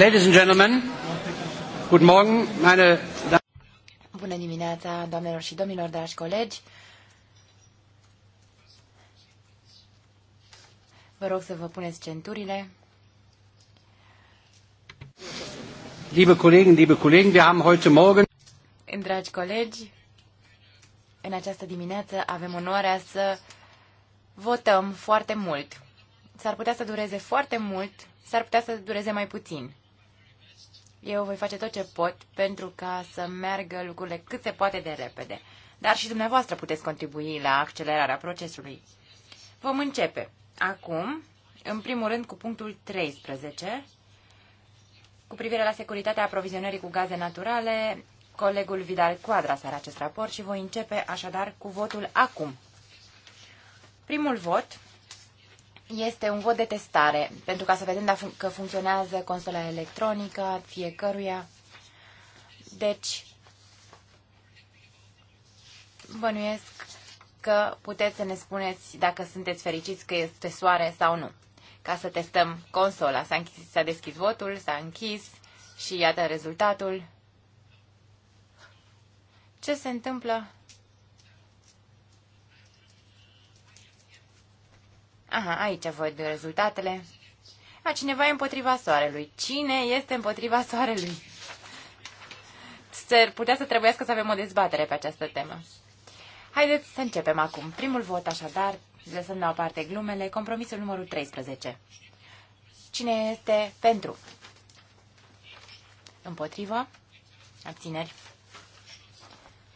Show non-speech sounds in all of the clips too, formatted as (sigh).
Ladies and gentlemen, good morning, meine Bună dimineața, doamnelor și domnilor, dragi colegi. Vă rog să vă puneți centurile. Liebe Kollegen, liebe Kollegen, wir haben heute Morgen... Dragi colegi, în această dimineață avem onoarea să votăm foarte mult. S-ar putea să dureze foarte mult, s-ar putea să dureze mai puțin. Eu voi face tot ce pot pentru ca să meargă lucrurile cât se poate de repede. Dar și dumneavoastră puteți contribui la accelerarea procesului. Vom începe acum, în primul rând, cu punctul 13, cu privire la securitatea aprovizionării cu gaze naturale. Colegul Vidal Quadras are acest raport și voi începe așadar cu votul acum. Primul vot este un vot de testare, pentru ca să vedem dacă că funcționează consola electronică fiecăruia. Deci, bănuiesc că puteți să ne spuneți dacă sunteți fericiți că este soare sau nu. Ca să testăm consola. S-a, închis, s-a deschis votul, s-a închis și iată rezultatul. Ce se întâmplă? Aha, aici văd rezultatele. A, cineva e împotriva soarelui. Cine este împotriva soarelui? s putea să trebuiască să avem o dezbatere pe această temă. Haideți să începem acum. Primul vot, așadar, lăsând la o parte glumele, compromisul numărul 13. Cine este pentru? Împotriva? Abțineri?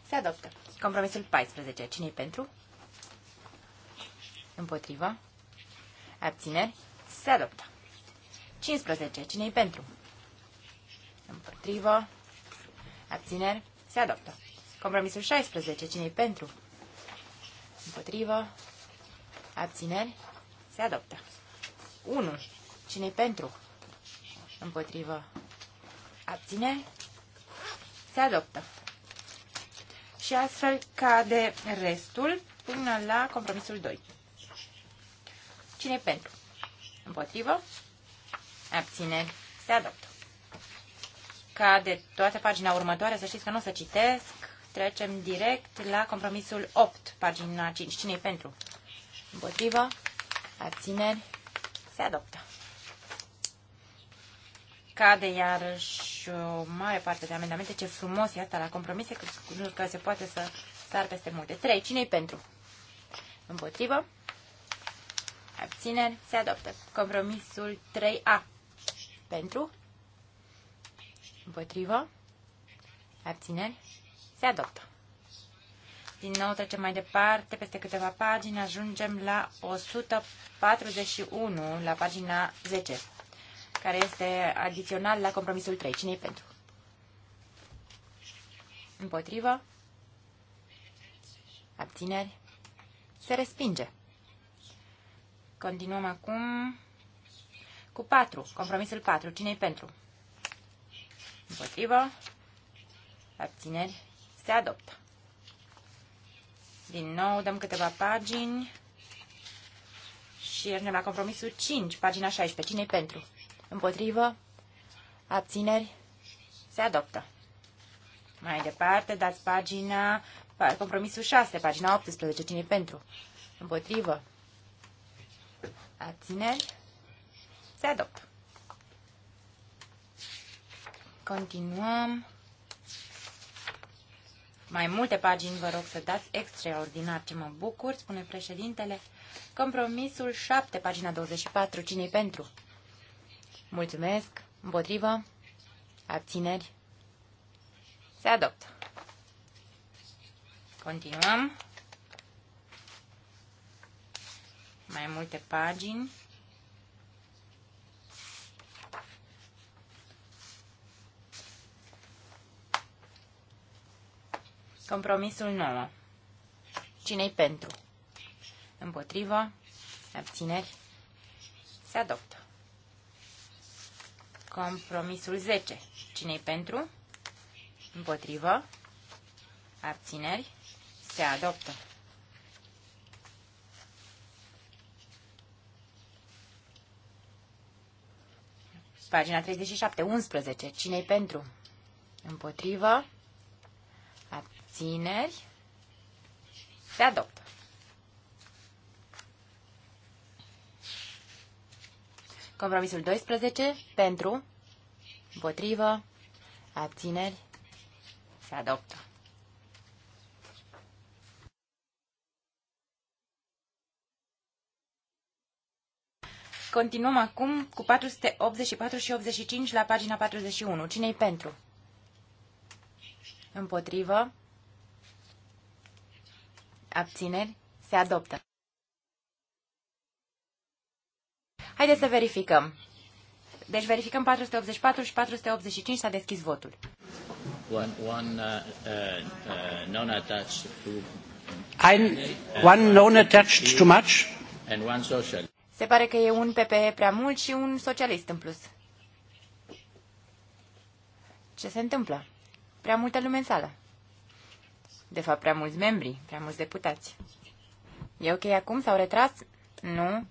Se adoptă. Compromisul 14. cine e pentru? Împotriva? Abțineri? Se adoptă. 15. Cine-i pentru? Împotrivă. Abțineri? Se adoptă. Compromisul 16. Cine-i pentru? Împotrivă. Abțineri? Se adoptă. 1. Cine-i pentru? Împotrivă. Abțineri? Se adoptă. Și astfel cade restul până la compromisul 2 cine pentru? Împotrivă? Abțineri. Se adoptă. Ca de toată pagina următoare, să știți că nu o să citesc, trecem direct la compromisul 8, pagina 5. cine pentru? Împotrivă? Abțineri. Se adoptă. Cade iarăși o mare parte de amendamente. Ce frumos e asta la compromise, că, că se poate să sar peste multe. 3. cine pentru? Împotrivă? abțineri, se adoptă. Compromisul 3A. Pentru, împotrivă, abțineri, se adoptă. Din nou trecem mai departe, peste câteva pagini ajungem la 141, la pagina 10, care este adițional la compromisul 3. Cine-i pentru? Împotrivă? Abțineri? Se respinge. Continuăm acum cu 4. Compromisul 4. Cine-i pentru? Împotrivă. Abțineri. Se adoptă. Din nou dăm câteva pagini și ajungem la compromisul 5, pagina 16. Cine-i pentru? Împotrivă. Abțineri. Se adoptă. Mai departe, dați pagina, compromisul 6, pagina 18. Cine-i pentru? Împotrivă abțineri, se adoptă. Continuăm. Mai multe pagini vă rog să dați extraordinar ce mă bucur, spune președintele. Compromisul 7, pagina 24, cine pentru? Mulțumesc, împotrivă, abțineri, se adoptă. Continuăm. mai multe pagini. Compromisul 9. Cine-i pentru? Împotrivă? Abțineri? Se adoptă. Compromisul 10. Cine-i pentru? Împotrivă? Abțineri? Se adoptă. Pagina 37, 11. cine pentru? Împotrivă. Abțineri. Se adoptă. Compromisul 12. Pentru. Împotrivă. Abțineri. Se adoptă. Continuăm acum cu 484 și 85 la pagina 41. Cine-i pentru? Împotrivă? Abțineri? Se adoptă. Haideți să verificăm. Deci verificăm 484 și 485 s-a deschis votul. One, one, uh, uh, non-attached to... Ein, one non-attached too much? And one social. Se pare că e un PPE prea mult și un socialist în plus. Ce se întâmplă? Prea multă lume în sală. De fapt, prea mulți membri, prea mulți deputați. E ok acum? S-au retras? Nu.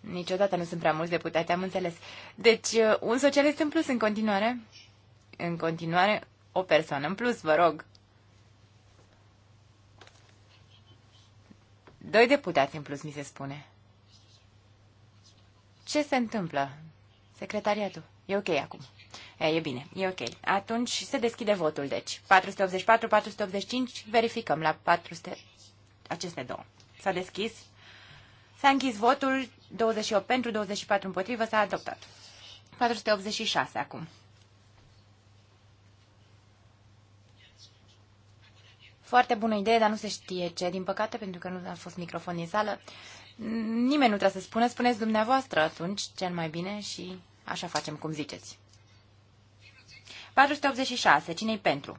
Niciodată nu sunt prea mulți deputați, am înțeles. Deci, uh, un socialist în plus în continuare? În continuare, o persoană în plus, vă rog. Doi deputați în plus, mi se spune. Ce se întâmplă? Secretariatul. E ok acum. E, e bine, e ok. Atunci se deschide votul, deci. 484, 485, verificăm la 400... Aceste două. S-a deschis. S-a închis votul, 28 pentru, 24 împotrivă, s-a adoptat. 486 acum. Foarte bună idee, dar nu se știe ce. Din păcate, pentru că nu a fost microfon în sală, nimeni nu trebuie să spună. Spuneți dumneavoastră atunci cel mai bine și așa facem cum ziceți. 486. Cine-i pentru?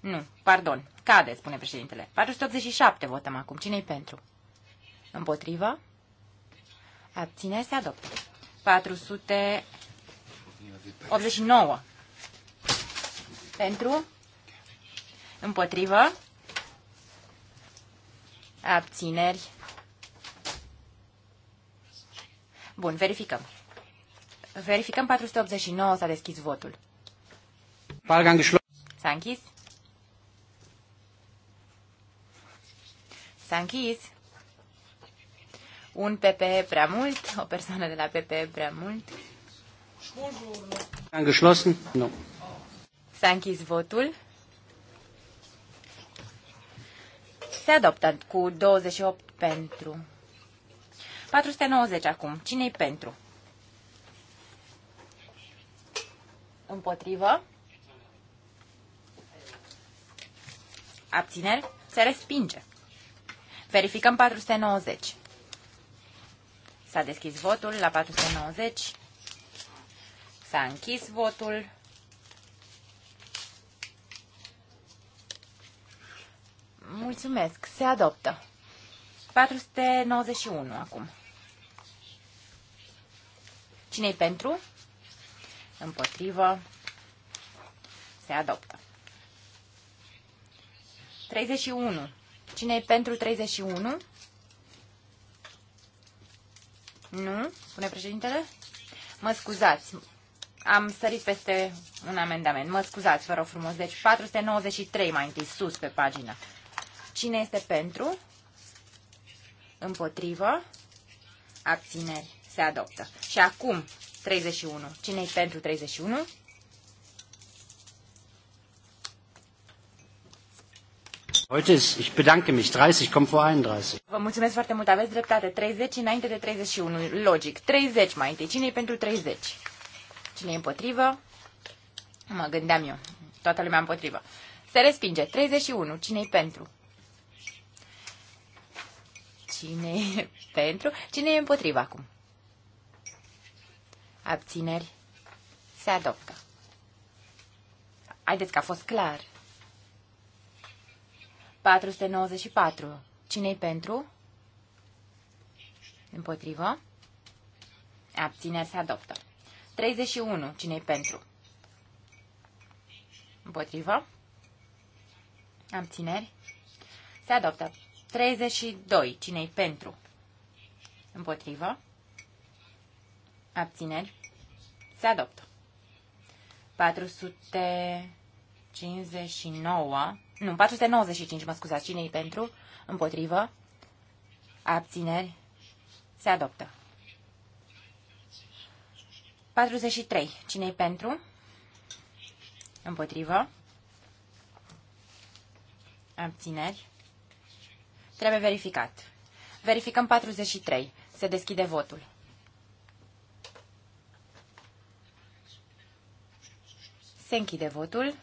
Nu, pardon. Cade, spune președintele. 487 votăm acum. Cine-i pentru? Împotrivă? Abține, se adoptă. 489. Pentru? Împotrivă. Abțineri. Bun, verificăm. Verificăm 489, s-a deschis votul. S-a închis. S-a închis. Un PP prea mult, o persoană de la PP prea mult. S-a închis votul. Se adoptă cu 28 pentru. 490 acum. Cine-i pentru? Împotrivă. Abțineri. Se respinge. Verificăm 490. S-a deschis votul la 490. S-a închis votul. Mulțumesc. Se adoptă. 491 acum. cine pentru? Împotrivă. Se adoptă. 31. cine pentru 31? Nu, spune președintele. Mă scuzați, am sărit peste un amendament. Mă scuzați, vă rog frumos. Deci 493 mai întâi, sus pe pagină. Cine este pentru? Împotrivă? Abțineri. Se adoptă. Și acum 31. cine e pentru 31? Heute ist, ich bedanke mich, 30 kommt vor 31. Vă mulțumesc foarte mult, aveți dreptate. 30 înainte de 31, logic. 30 mai întâi. cine e pentru 30? cine e împotrivă? Mă gândeam eu. Toată lumea împotrivă. Se respinge. 31. cine e pentru? Cine e (laughs) pentru? Cine e împotriva acum? Abțineri. Se adoptă. Haideți că a fost clar. 494. cine e pentru? Împotrivă. Abțineri se adoptă. 31. cine e pentru? Împotrivă. Abțineri. Se adoptă. 32. cine pentru? Împotrivă. Abțineri. Se adoptă. 459. Nu, 495, mă scuzați. cine pentru? Împotrivă. Abțineri. Se adoptă. 43. cine pentru? Împotrivă. Abțineri. Trebuie verificat. Verificăm 43. Se deschide votul. Se închide votul.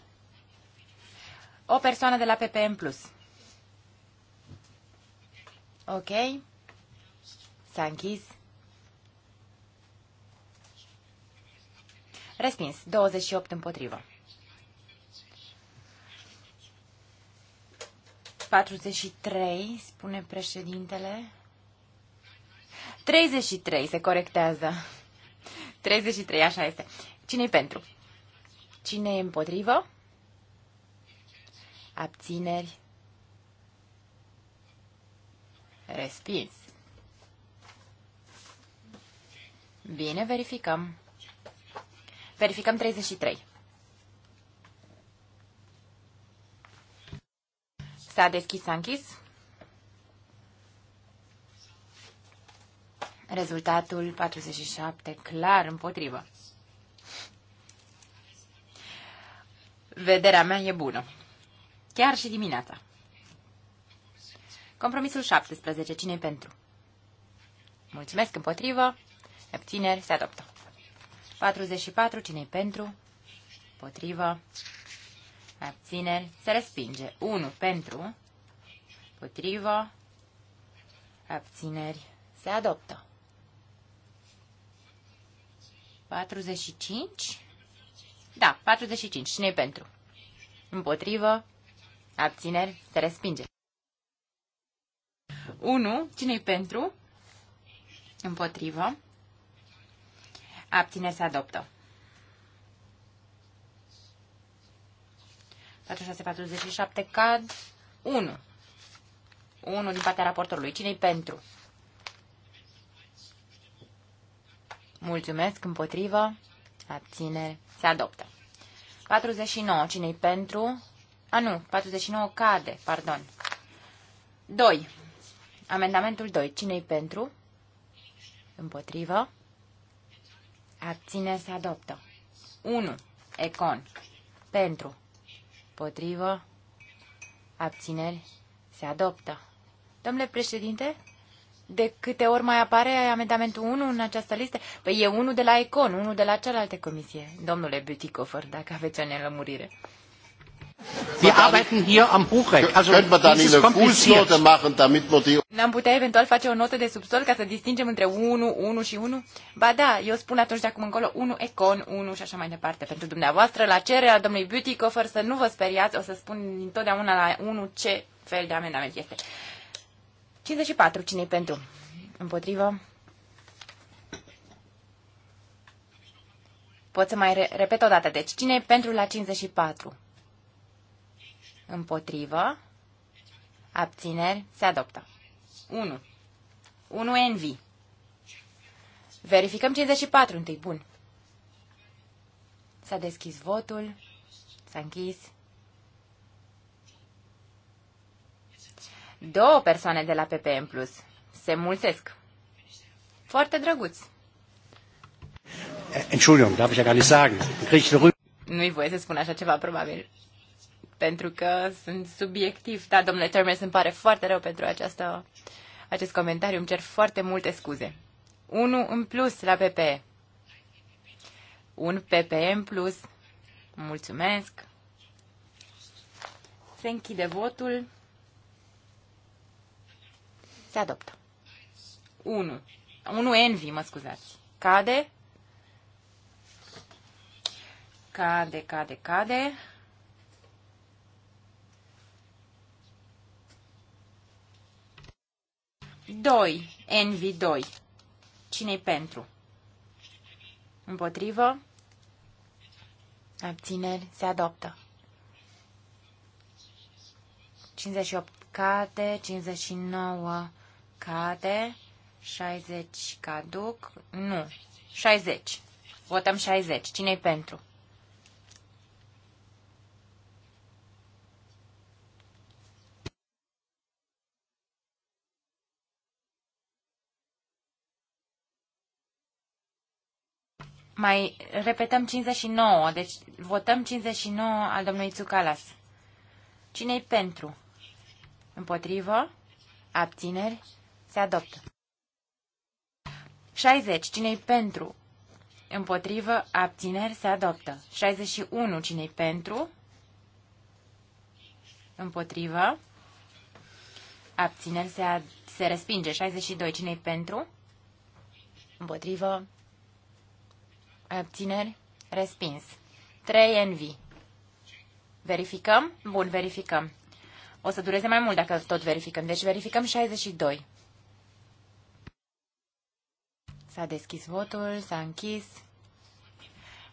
O persoană de la PPM+. Plus. Ok. S-a închis. Respins. 28 împotrivă. 43, spune președintele. 33, se corectează. 33, așa este. cine pentru? Cine e împotrivă? Abțineri. Respins. Bine, verificăm. Verificăm 33. S-a deschis, s-a închis. Rezultatul 47, clar împotrivă. Vederea mea e bună. Chiar și dimineața. Compromisul 17. cine pentru? Mulțumesc împotrivă. Abțineri se adoptă. 44. cine pentru? Potrivă abțineri, se respinge. 1 pentru, potrivă, abțineri, se adoptă. 45? Da, 45. Cine e pentru? Împotrivă, abțineri, se respinge. 1. Cine e pentru? Împotrivă. Abțineri se adoptă. 4647 cad 1. 1 din partea raportorului. Cine-i pentru? Mulțumesc, împotrivă, abțineri, se adoptă. 49, cine-i pentru? A, nu, 49 cade, pardon. 2. Amendamentul 2, cine-i pentru? Împotrivă, abține, se adoptă. 1. Econ, pentru, potrivă, Abțineri. Se adoptă. Domnule președinte, de câte ori mai apare amendamentul 1 în această listă? Păi e unul de la Econ, unul de la cealaltă comisie. Domnule Butikofer, dacă aveți o nelămurire. Wir arbeiten hier am Buchrecht. Also, könnte man da nicht eine Fußnote machen, damit man die... N-am putea eventual face o notă de subsol ca să distingem între 1, 1 și 1? Ba da, eu spun atunci de acum încolo 1 Econ, 1 și așa mai departe. Pentru dumneavoastră, la cererea domnului Beautycofer, să nu vă speriați, o să spun întotdeauna la 1 ce fel de amendament este. 54, cine pentru? Împotrivă? Pot să mai re- repet o dată. Deci, cine e pentru la 54? Împotrivă. Abțineri. Se adoptă. 1. 1 NV. Verificăm 54 întâi. Bun. S-a deschis votul. S-a închis. Două persoane de la PPM Plus. Se mulțesc. Foarte drăguț. Entschuldigung, darf ich ja gar nicht sagen. Nu-i voie să spun așa ceva, probabil pentru că sunt subiectiv. Da, domnule Turner, îmi pare foarte rău pentru această, acest comentariu. Îmi cer foarte multe scuze. Unu în plus la PPE. Un PPE în plus. Mulțumesc. Se închide votul. Se adoptă. 1. 1 Envy, mă scuzați. Cade. Cade, cade, cade. 2. Envy 2. Cine-i pentru? Împotrivă? Abțineri se adoptă. 58 cade, 59 cade, 60 caduc, nu, 60. Votăm 60. Cine-i pentru? Mai repetăm 59, deci votăm 59 al domnului Tsukalas. Cine-i pentru? Împotrivă? Abțineri? Se adoptă. 60. Cine-i pentru? Împotrivă? Abțineri? Se adoptă. 61. Cine-i pentru? Împotrivă? Abțineri? Se, se respinge. 62. Cine-i pentru? Împotrivă? Abțineri? Respins. 3 NV. Verificăm? Bun, verificăm. O să dureze mai mult dacă tot verificăm. Deci verificăm 62. S-a deschis votul, s-a închis.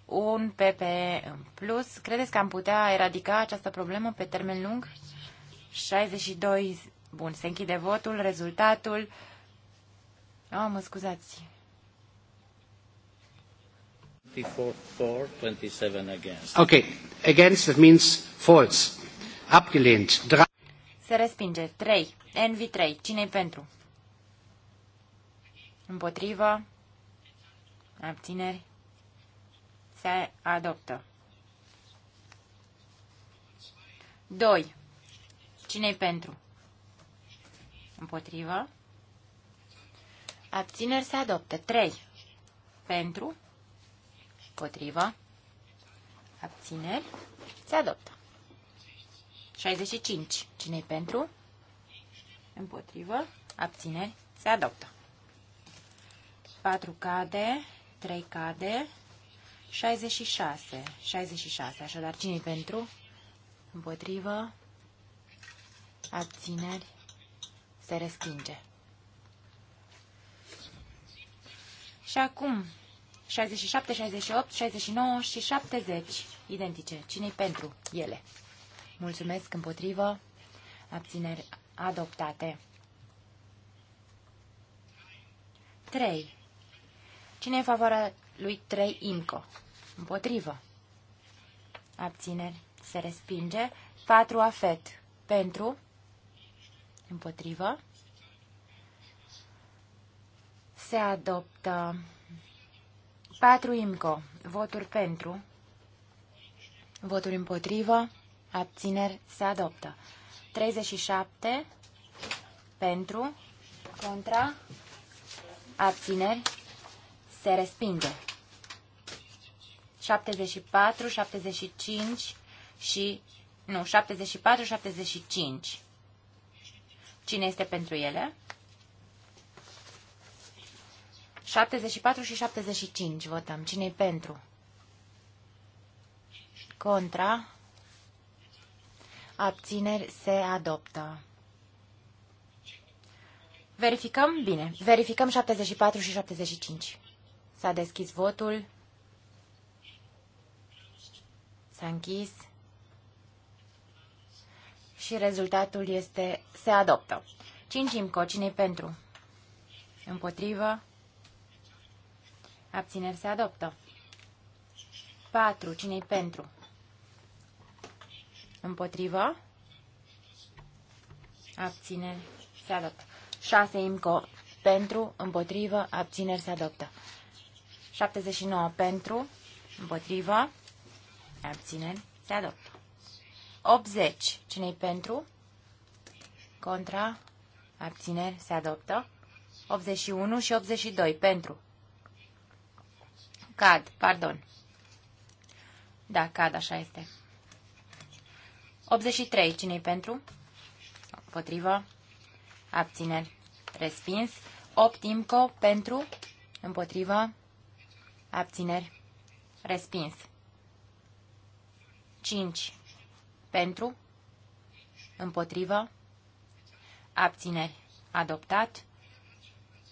Un PP în plus. Credeți că am putea eradica această problemă pe termen lung? 62. Bun, se închide votul, rezultatul. Oh, mă scuzați. 24 for, 27 against. Okay, against that means false. Abgelehnt. Se respinge. 3. Envy 3. cine pentru? Împotrivă. Abțineri. Se adoptă. 2. Cine-i pentru? Împotrivă. Abțineri se adoptă. 3. Pentru. Împotrivă. Abțineri. Se adoptă. 65. Cine-i pentru? Împotrivă. Abțineri. Se adoptă. 4 cade. 3 cade. 66. 66. Așadar, cine-i pentru? Împotrivă. Abțineri. Se respinge. Și acum, 67, 68, 69 și 70 identice. Cine-i pentru ele? Mulțumesc împotrivă. Abțineri adoptate. 3. Cine i în favoarea lui 3 IMCO? Împotrivă. Abțineri. Se respinge. 4 AFET. Pentru. Împotrivă. Se adoptă 4 IMCO. Voturi pentru. Voturi împotrivă. Abțineri se adoptă. 37 pentru. Contra. Abțineri se respinge. 74, 75 și... Nu, 74, 75. Cine este pentru ele? 74 și 75 votăm. cine e pentru? Contra. Abțineri se adoptă. Verificăm? Bine. Verificăm 74 și 75. S-a deschis votul. S-a închis. Și rezultatul este se adoptă. 5 imco. cine pentru? Împotrivă. Abțineri se adoptă. 4. Cine-i pentru? Împotrivă. Abțineri se adoptă. 6. Imco. Pentru, împotrivă, abțineri se adoptă. 79 pentru, împotrivă, abțineri, se adoptă. 80. Cine-i pentru? Contra, abțineri, se adoptă. 81 și 82. Pentru, Cad, pardon. Da, cad, așa este. 83. cine pentru? Împotrivă. Abțineri. Respins. 8. Imco. Pentru. Împotrivă. Abțineri. Respins. 5. Pentru. Împotrivă. Abțineri. Adoptat.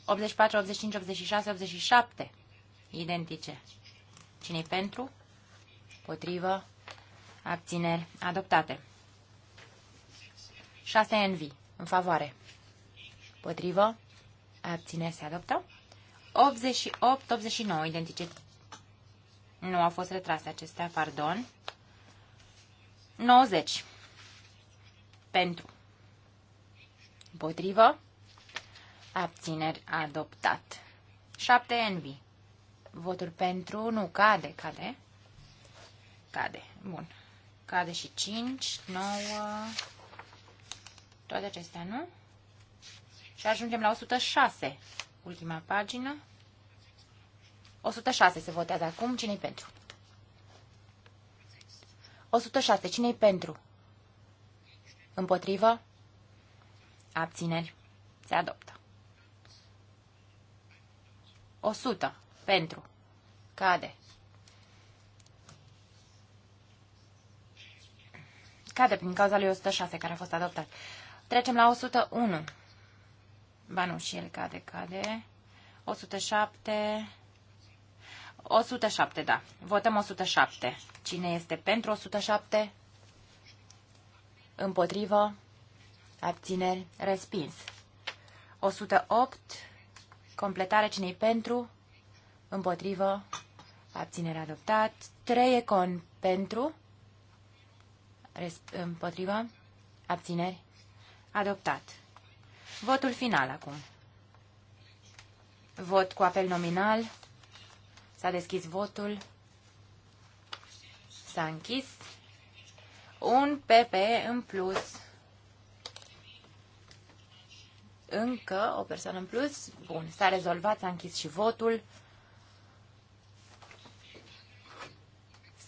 84, 85, 86, 87 identice. cine pentru? Potrivă. Abțineri. Adoptate. 6 NV. În favoare. Potrivă. Abțineri. Se adoptă. 88-89. Identice. Nu au fost retrase acestea. Pardon. 90. Pentru. Potrivă. Abțineri adoptat. 7 envi. Votul pentru, nu, cade, cade. Cade, bun. Cade și 5, 9, toate acestea, nu? Și ajungem la 106, ultima pagină. 106 se votează acum, cine-i pentru? 106, cine-i pentru? Împotrivă? Abțineri. Se adoptă. 100. Pentru. Cade. Cade prin cauza lui 106 care a fost adoptat. Trecem la 101. Ba nu, și el cade, cade. 107. 107, da. Votăm 107. Cine este pentru 107? Împotrivă? Abțineri? Respins. 108. Completare cinei pentru? împotrivă, abținere adoptat, 3 econ pentru, împotrivă, abțineri, adoptat. Votul final acum. Vot cu apel nominal. S-a deschis votul. S-a închis. Un PP în plus. Încă o persoană în plus. Bun, s-a rezolvat, s-a închis și votul.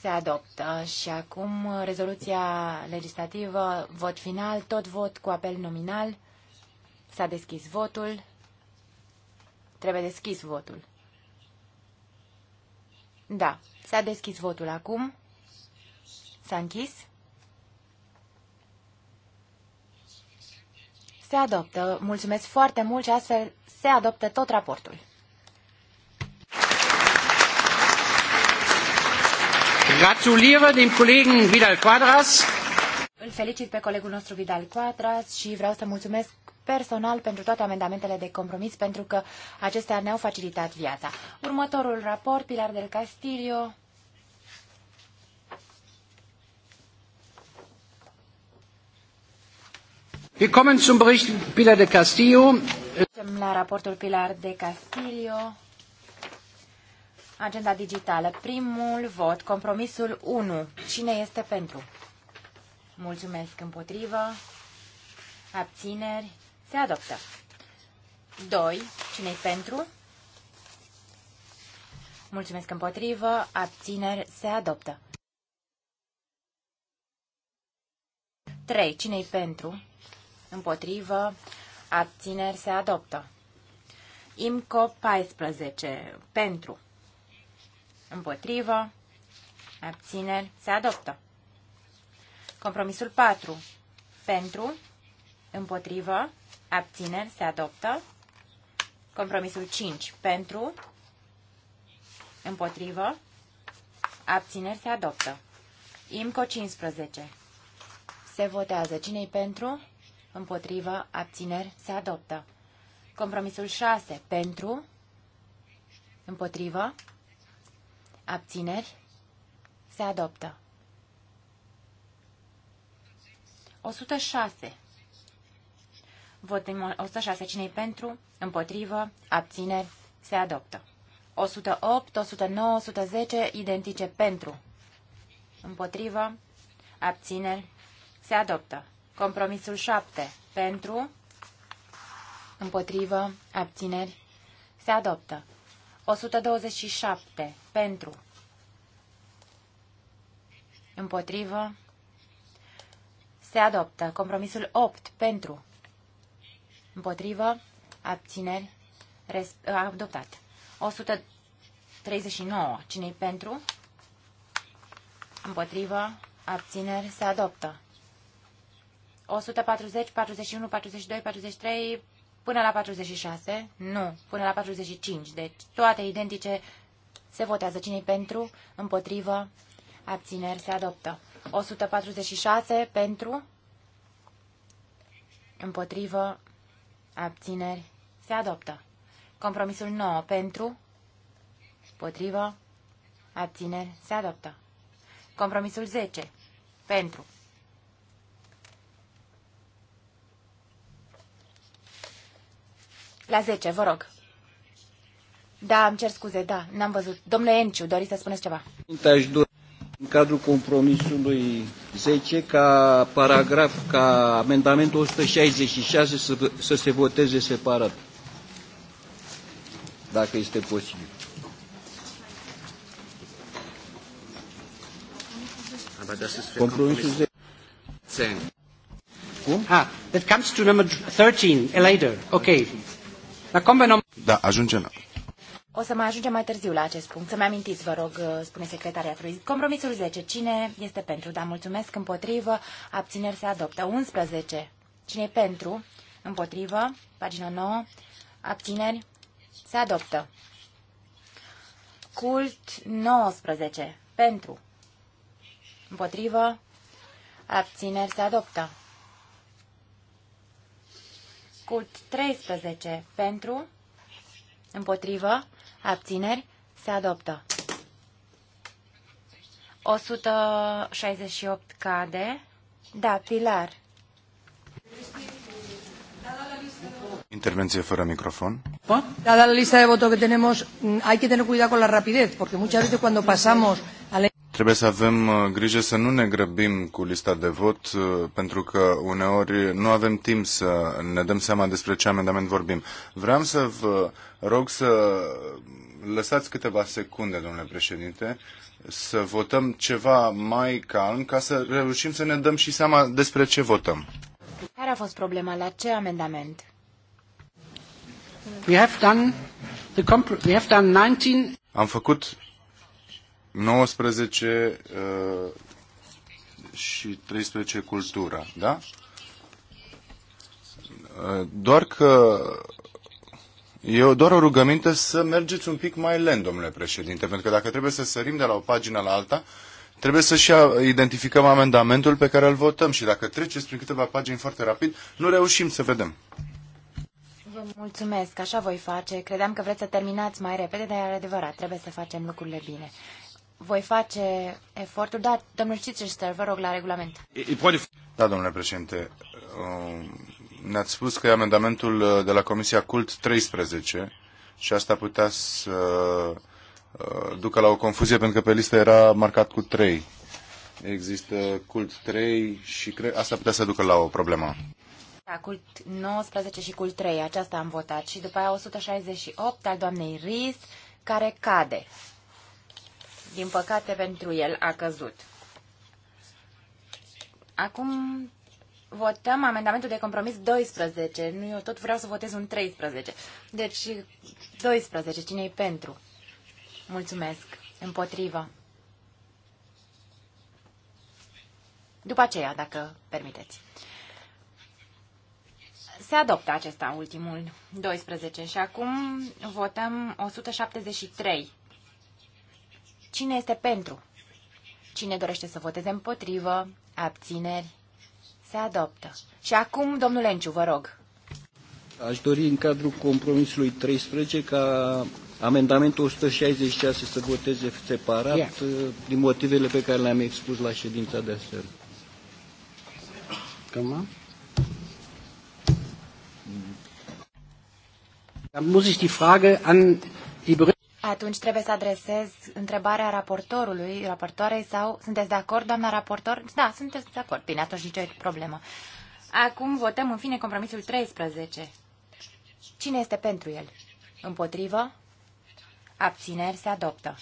se adoptă și acum rezoluția legislativă, vot final, tot vot cu apel nominal. S-a deschis votul. Trebuie deschis votul. Da, s-a deschis votul acum. S-a închis. Se adoptă. Mulțumesc foarte mult și astfel se adoptă tot raportul. Gratuliere dem Kollegen Vidal Quadras. Îl felicit pe colegul nostru Vidal Quadras și vreau să mulțumesc personal pentru toate amendamentele de compromis pentru că acestea ne-au facilitat viața. Următorul raport, Pilar del Castillo. Wir kommen zum Bericht Pilar del Castillo. La raportul Pilar de Castillo agenda digitală. Primul vot, compromisul 1. Cine este pentru? Mulțumesc împotrivă. Abțineri. Se adoptă. 2. Cine-i pentru? Mulțumesc împotrivă. Abțineri. Se adoptă. 3. Cine-i pentru? Împotrivă. Abțineri. Se adoptă. IMCO 14. Pentru. Împotrivă. Abțineri. Se adoptă. Compromisul 4. Pentru. Împotrivă. Abțineri. Se adoptă. Compromisul 5. Pentru. Împotrivă. Abțineri. Se adoptă. IMCO 15. Se votează. cine pentru? Împotrivă. Abțineri. Se adoptă. Compromisul 6. Pentru. Împotrivă. Abțineri? Se adoptă. 106. Votăm 106. cine pentru? Împotrivă? Abțineri? Se adoptă. 108, 109, 110 identice pentru. Împotrivă? Abțineri? Se adoptă. Compromisul 7. Pentru? Împotrivă? Abțineri? Se adoptă. 127 pentru, împotrivă, se adoptă. Compromisul 8 pentru, împotrivă, abțineri, res, adoptat. 139, cine pentru, împotrivă, abțineri, se adoptă. 140, 41, 42, 43, până la 46, nu, până la 45, deci toate identice se votează cine pentru, împotrivă, abțineri, se adoptă. 146 pentru, împotrivă, abțineri, se adoptă. Compromisul 9 pentru, împotrivă, abțineri, se adoptă. Compromisul 10 pentru, La 10, vă rog. Da, îmi cer scuze, da, n-am văzut. Domnule Enciu, doriți să spuneți ceva? Aș dori în cadrul compromisului 10 ca paragraf, ca amendamentul 166 să, să se voteze separat, dacă este posibil. Compromisul 10. Cum? Ah, that comes to number 13 later. Okay. Da, ajungem. O să mai ajungem mai târziu la acest punct. Să-mi amintiți, vă rog, uh, spune secretariatul. Compromisul 10. Cine este pentru? Da, mulțumesc. Împotrivă. Abțineri se adoptă. 11. Cine e pentru? Împotrivă. Pagina 9. Abțineri se adoptă. Cult 19. Pentru. Împotrivă. Abțineri se adoptă scurt 13 pentru, împotrivă, abțineri, se adoptă. 168 cade. Da, Pilar. Intervenție fără microfon. Dada la lista de voto que tenemos, mm, hay que tener cuidado con la rapidez, porque muchas veces cuando pasamos a la Trebuie să avem uh, grijă să nu ne grăbim cu lista de vot, uh, pentru că uneori nu avem timp să ne dăm seama despre ce amendament vorbim. Vreau să vă rog să lăsați câteva secunde, domnule președinte, să votăm ceva mai calm ca să reușim să ne dăm și seama despre ce votăm. Care a fost problema? La ce amendament? We have done the we have done 19... Am făcut 19 uh, și 13 cultura, da? Uh, doar că eu doar o rugăminte să mergeți un pic mai lent, domnule președinte, pentru că dacă trebuie să sărim de la o pagină la alta, trebuie să și identificăm amendamentul pe care îl votăm și dacă treceți prin câteva pagini foarte rapid, nu reușim să vedem. Vă mulțumesc, așa voi face. Credeam că vreți să terminați mai repede, dar e adevărat, trebuie să facem lucrurile bine voi face efortul. Da, domnul Chichester, vă rog, la regulament. Da, domnule președinte, um, ne-ați spus că e amendamentul uh, de la Comisia Cult 13 și asta putea să uh, ducă la o confuzie pentru că pe listă era marcat cu 3. Există cult 3 și cre... asta putea să ducă la o problemă. Da, cult 19 și cult 3, aceasta am votat. Și după aia 168 al doamnei Riz care cade din păcate pentru el, a căzut. Acum votăm amendamentul de compromis 12. Nu, eu tot vreau să votez un 13. Deci, 12. cine e pentru? Mulțumesc. Împotriva. După aceea, dacă permiteți. Se adoptă acesta ultimul, 12. Și acum votăm 173. Cine este pentru? Cine dorește să voteze împotrivă? Abțineri? Se adoptă. Și acum, domnul Enciu, vă rog. Aș dori în cadrul compromisului 13 ca amendamentul 166 să voteze separat yeah. Uh, din motivele pe care le-am expus la ședința de astăzi. Cam? Da muss ich die Frage an die atunci trebuie să adresez întrebarea raportorului, raportoarei sau sunteți de acord, doamna raportor? Da, sunteți de acord. Bine, atunci nicio problemă. Acum votăm în fine compromisul 13. Cine este pentru el? Împotrivă? Abțineri se adoptă.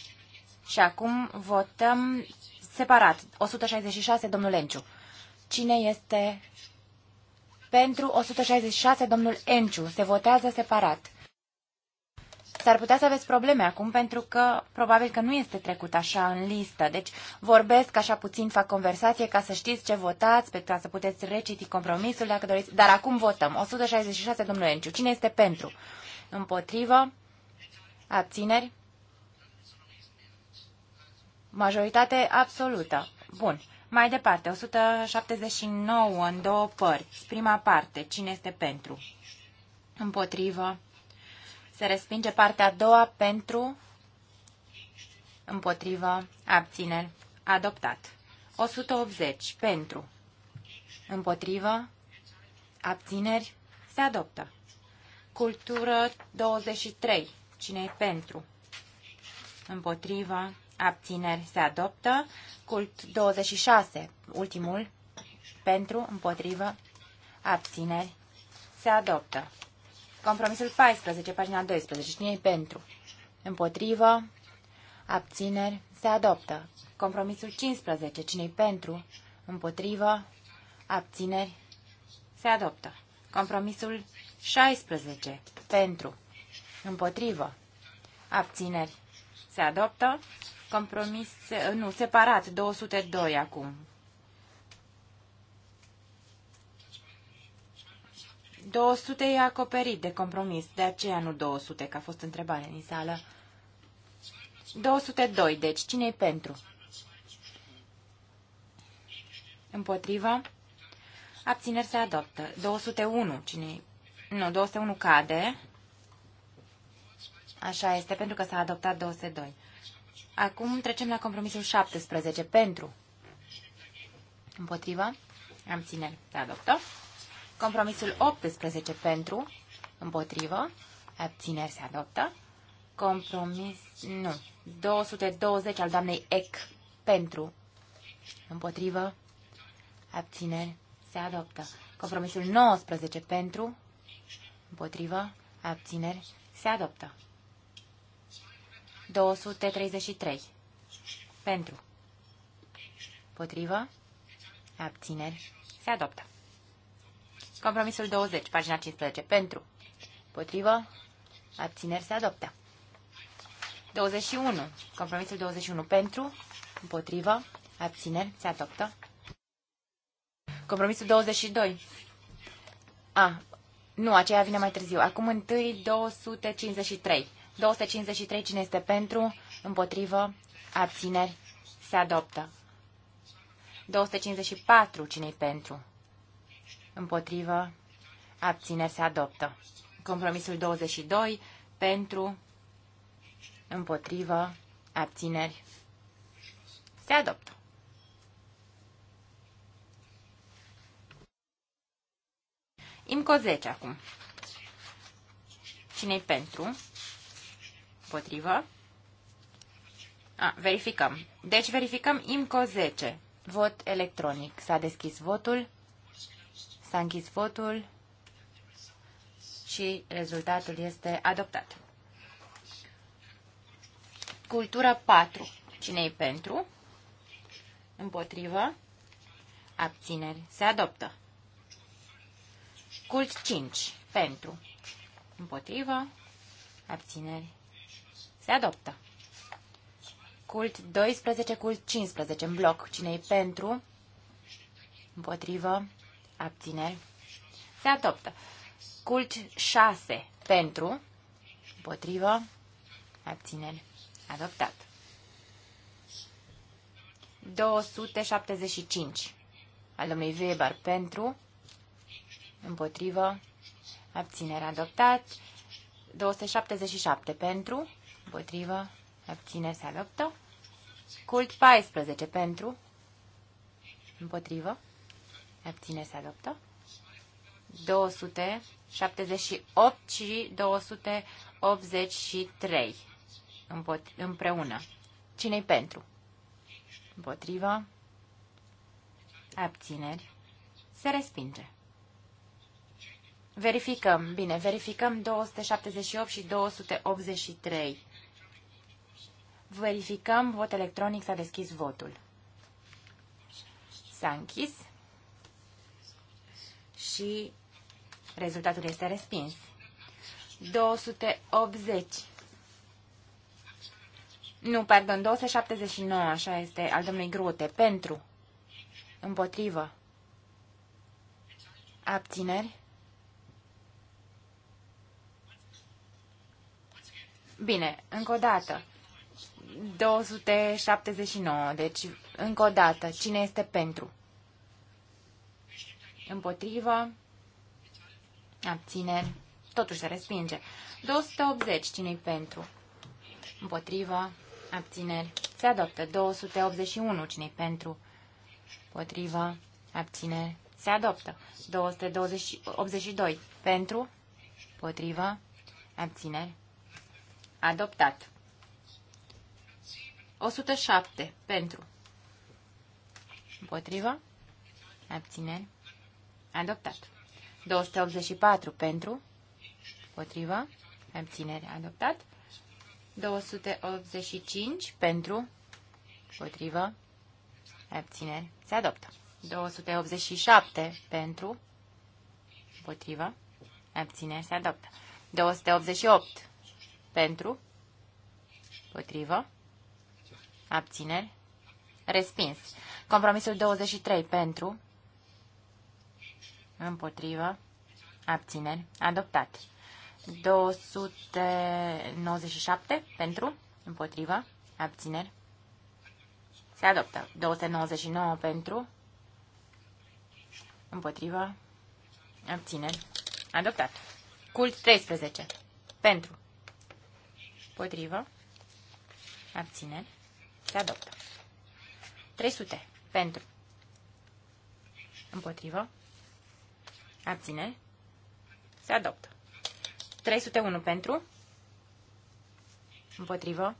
Și acum votăm separat. 166, domnul Enciu. Cine este pentru 166, domnul Enciu? Se votează separat. S-ar putea să aveți probleme acum pentru că probabil că nu este trecut așa în listă. Deci vorbesc așa puțin, fac conversație ca să știți ce votați, pentru ca să puteți reciti compromisul dacă doriți. Dar acum votăm. 166, domnule Enciu. Cine este pentru? Împotrivă? Abțineri? Majoritate absolută. Bun. Mai departe, 179 în două părți. Prima parte, cine este pentru? Împotrivă. Se respinge partea a doua pentru, împotrivă, abțineri, adoptat. 180 pentru, împotrivă, abțineri, se adoptă. Cultură 23, cine e pentru, împotrivă, abțineri, se adoptă. Cult 26, ultimul, pentru, împotrivă, abțineri, se adoptă. Compromisul 14, pagina 12. Cine e pentru? Împotrivă? Abțineri? Se adoptă. Compromisul 15. cine e pentru? Împotrivă? Abțineri? Se adoptă. Compromisul 16. Pentru. Împotrivă. Abțineri. Se adoptă. Compromis, nu, separat, 202 acum. 200 e acoperit de compromis, de aceea nu 200, că a fost întrebare în sală. 202, deci cine-i pentru? Împotriva? Abțineri se adoptă. 201, cine Nu, 201 cade. Așa este, pentru că s-a adoptat 202. Acum trecem la compromisul 17, pentru. Împotriva? Abțineri se adoptă. Compromisul 18 pentru, împotrivă, abțineri se adoptă. Compromis, nu, 220 al doamnei Eck pentru, împotrivă, abțineri se adoptă. Compromisul 19 pentru, împotrivă, abțineri se adoptă. 233 pentru, împotrivă, abțineri se adoptă. Compromisul 20, pagina 15. Pentru. Potrivă. Abțineri se adoptă. 21. Compromisul 21. Pentru. Împotrivă. Abțineri se adoptă. Compromisul 22. A. Nu, aceea vine mai târziu. Acum întâi 253. 253 cine este pentru, împotrivă, abțineri, se adoptă. 254 cine pentru, împotrivă, Abține se adoptă. Compromisul 22 pentru, împotrivă, abțineri se adoptă. IMCO 10 acum. Cine-i pentru? Potrivă. A, verificăm. Deci verificăm IMCO 10. Vot electronic. S-a deschis votul. S-a închis votul și rezultatul este adoptat. Cultura 4. cine e pentru? Împotrivă? Abțineri. Se adoptă. Cult 5. Pentru. Împotrivă? Abțineri. Se adoptă. Cult 12, cult 15 în bloc. cine e pentru? Împotrivă? abțineri, se adoptă. Cult 6 pentru, împotrivă, abțineri, adoptat. 275 al domnului Weber pentru, împotrivă, abțineri, adoptat, 277 pentru, împotrivă, abțineri, se adoptă, cult 14 pentru, împotrivă, abține, să adoptă. 278 și 283 împreună. Cine-i pentru? Împotriva? Abțineri? Se respinge. Verificăm. Bine, verificăm 278 și 283. Verificăm. Vot electronic s-a deschis votul. S-a închis și rezultatul este respins. 280. Nu, pardon, 279, așa este, al domnului Grote, pentru, împotrivă, abțineri. Bine, încă o dată. 279, deci încă o dată, cine este pentru? Împotrivă. Abțineri. Totuși se respinge. 280. cine pentru? Împotrivă. Abțineri. Se adoptă. 281. cine pentru? Împotrivă. Abțineri. Se adoptă. 282. Pentru? Împotrivă. Abțineri. Adoptat. 107. Pentru. Împotrivă. Abțineri. Adoptat. 284 pentru, potriva, abținere, adoptat. 285 pentru, potriva, abținere, se adoptă. 287 pentru, potriva, abținere, se adoptă. 288 pentru, potriva, abțineri, respins. Compromisul 23 pentru, Împotrivă. Abțineri. Adoptat. 297 pentru. Împotrivă. Abțineri. Se adoptă. 299 pentru. Împotrivă. Abțineri. Adoptat. Cult 13. Pentru. Împotrivă. Abțineri. Se adoptă. 300. Pentru. Împotrivă. Abține. Se adoptă. 301 pentru. Împotrivă.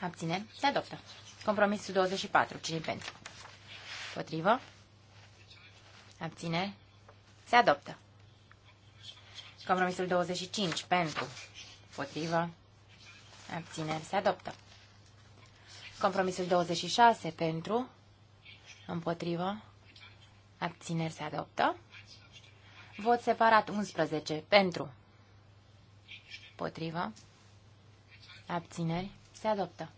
Abține. Se adoptă. Compromisul 24. Cine pentru? Împotrivă. Abține. Se adoptă. Compromisul 25. Pentru. Împotrivă. Abține. Se adoptă. Compromisul 26. Pentru. Împotrivă. Abțineri se adoptă. Vot separat 11. Pentru. Potrivă. Abțineri se adoptă.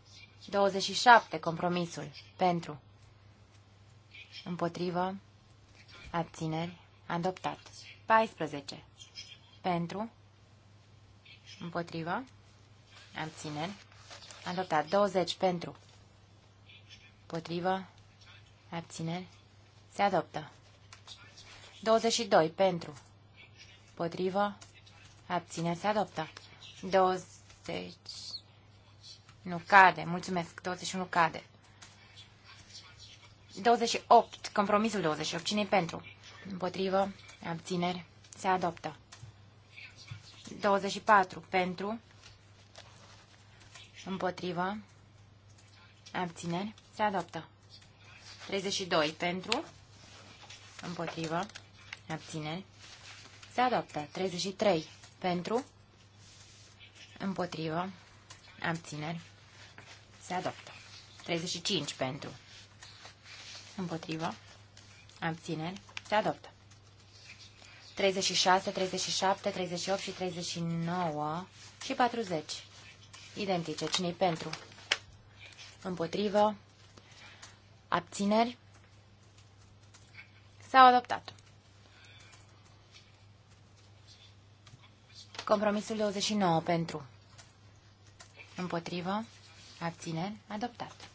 27. Compromisul. Pentru. Împotrivă. Abțineri. Adoptat. 14. Pentru. Împotrivă. Abțineri. Adoptat. 20. Pentru. Potrivă. Abțineri. Se adoptă. 22 pentru. Potrivă. Abține. Se adoptă. 20. Nu cade. Mulțumesc. 21 cade. 28. Compromisul 28. Cine pentru? Împotrivă. Abțineri. Se adoptă. 24. Pentru. Împotrivă. Abțineri. Se adoptă. 32. Pentru. Împotrivă. Abțineri. Se adoptă. 33. Pentru. Împotrivă. Abțineri. Se adoptă. 35. Pentru. Împotrivă. Abțineri. Se adoptă. 36, 37, 38 și 39 și 40. Identice. cine pentru? Împotrivă. Abțineri. S-au adoptat. Compromisul 29 pentru. Împotrivă. Abține. Adoptat.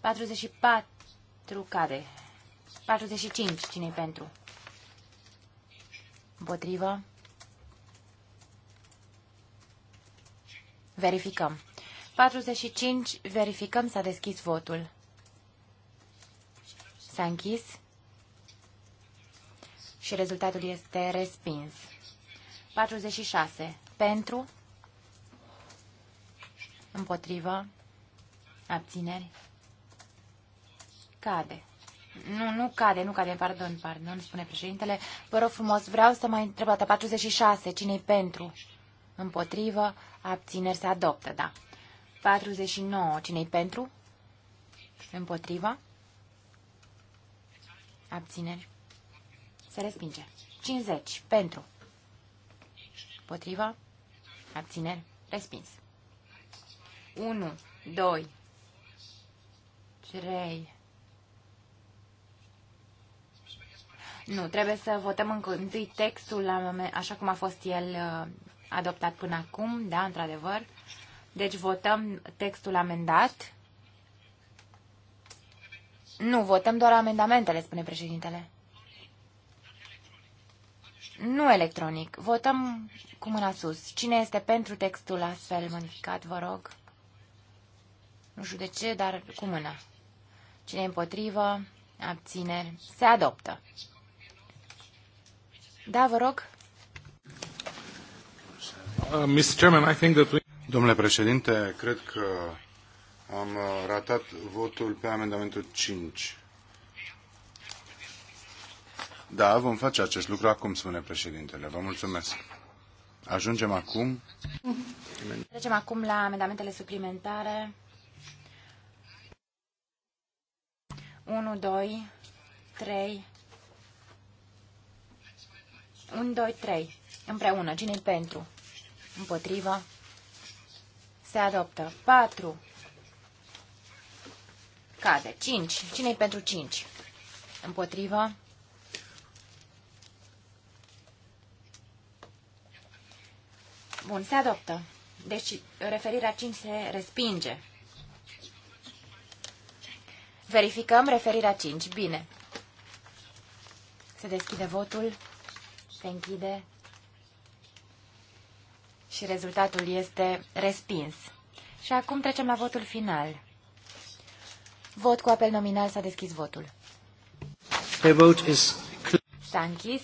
44 cade. 45. cine pentru? Împotrivă. Verificăm. 45. Verificăm. S-a deschis votul. S-a închis și rezultatul este respins. 46. Pentru, împotrivă, abțineri, cade. Nu, nu cade, nu cade, pardon, pardon, spune președintele. Vă rog frumos, vreau să mai întreb 46, cine-i pentru? Împotrivă, abțineri se adoptă, da. 49, cine-i pentru? împotrivă, Abțineri. Se respinge. 50. Pentru. Potriva. Abțineri. Respins. 1, 2, 3. Nu, trebuie să votăm încă întâi textul așa cum a fost el uh, adoptat până acum, da, într-adevăr. Deci votăm textul amendat nu, votăm doar amendamentele, spune președintele. Nu electronic. Votăm cu mâna sus. Cine este pentru textul astfel modificat, vă rog? Nu știu de ce, dar cu mâna. Cine împotrivă, abțineri, se adoptă. Da, vă rog. Uh, Domnule președinte, cred că am uh, ratat votul pe amendamentul 5. Da, vom face acest lucru acum, spune președintele. Vă mulțumesc. Ajungem acum. Trecem acum la amendamentele suplimentare. 1, 2, 3. 1, 2, 3. Împreună. cine pentru? Împotrivă. Se adoptă. 4 cade. 5. Cine-i pentru 5? Împotrivă. Bun, se adoptă. Deci referirea 5 se respinge. Verificăm referirea 5. Bine. Se deschide votul, se închide și rezultatul este respins. Și acum trecem la votul final. Vot cu apel nominal s-a deschis votul. The vote is S-a închis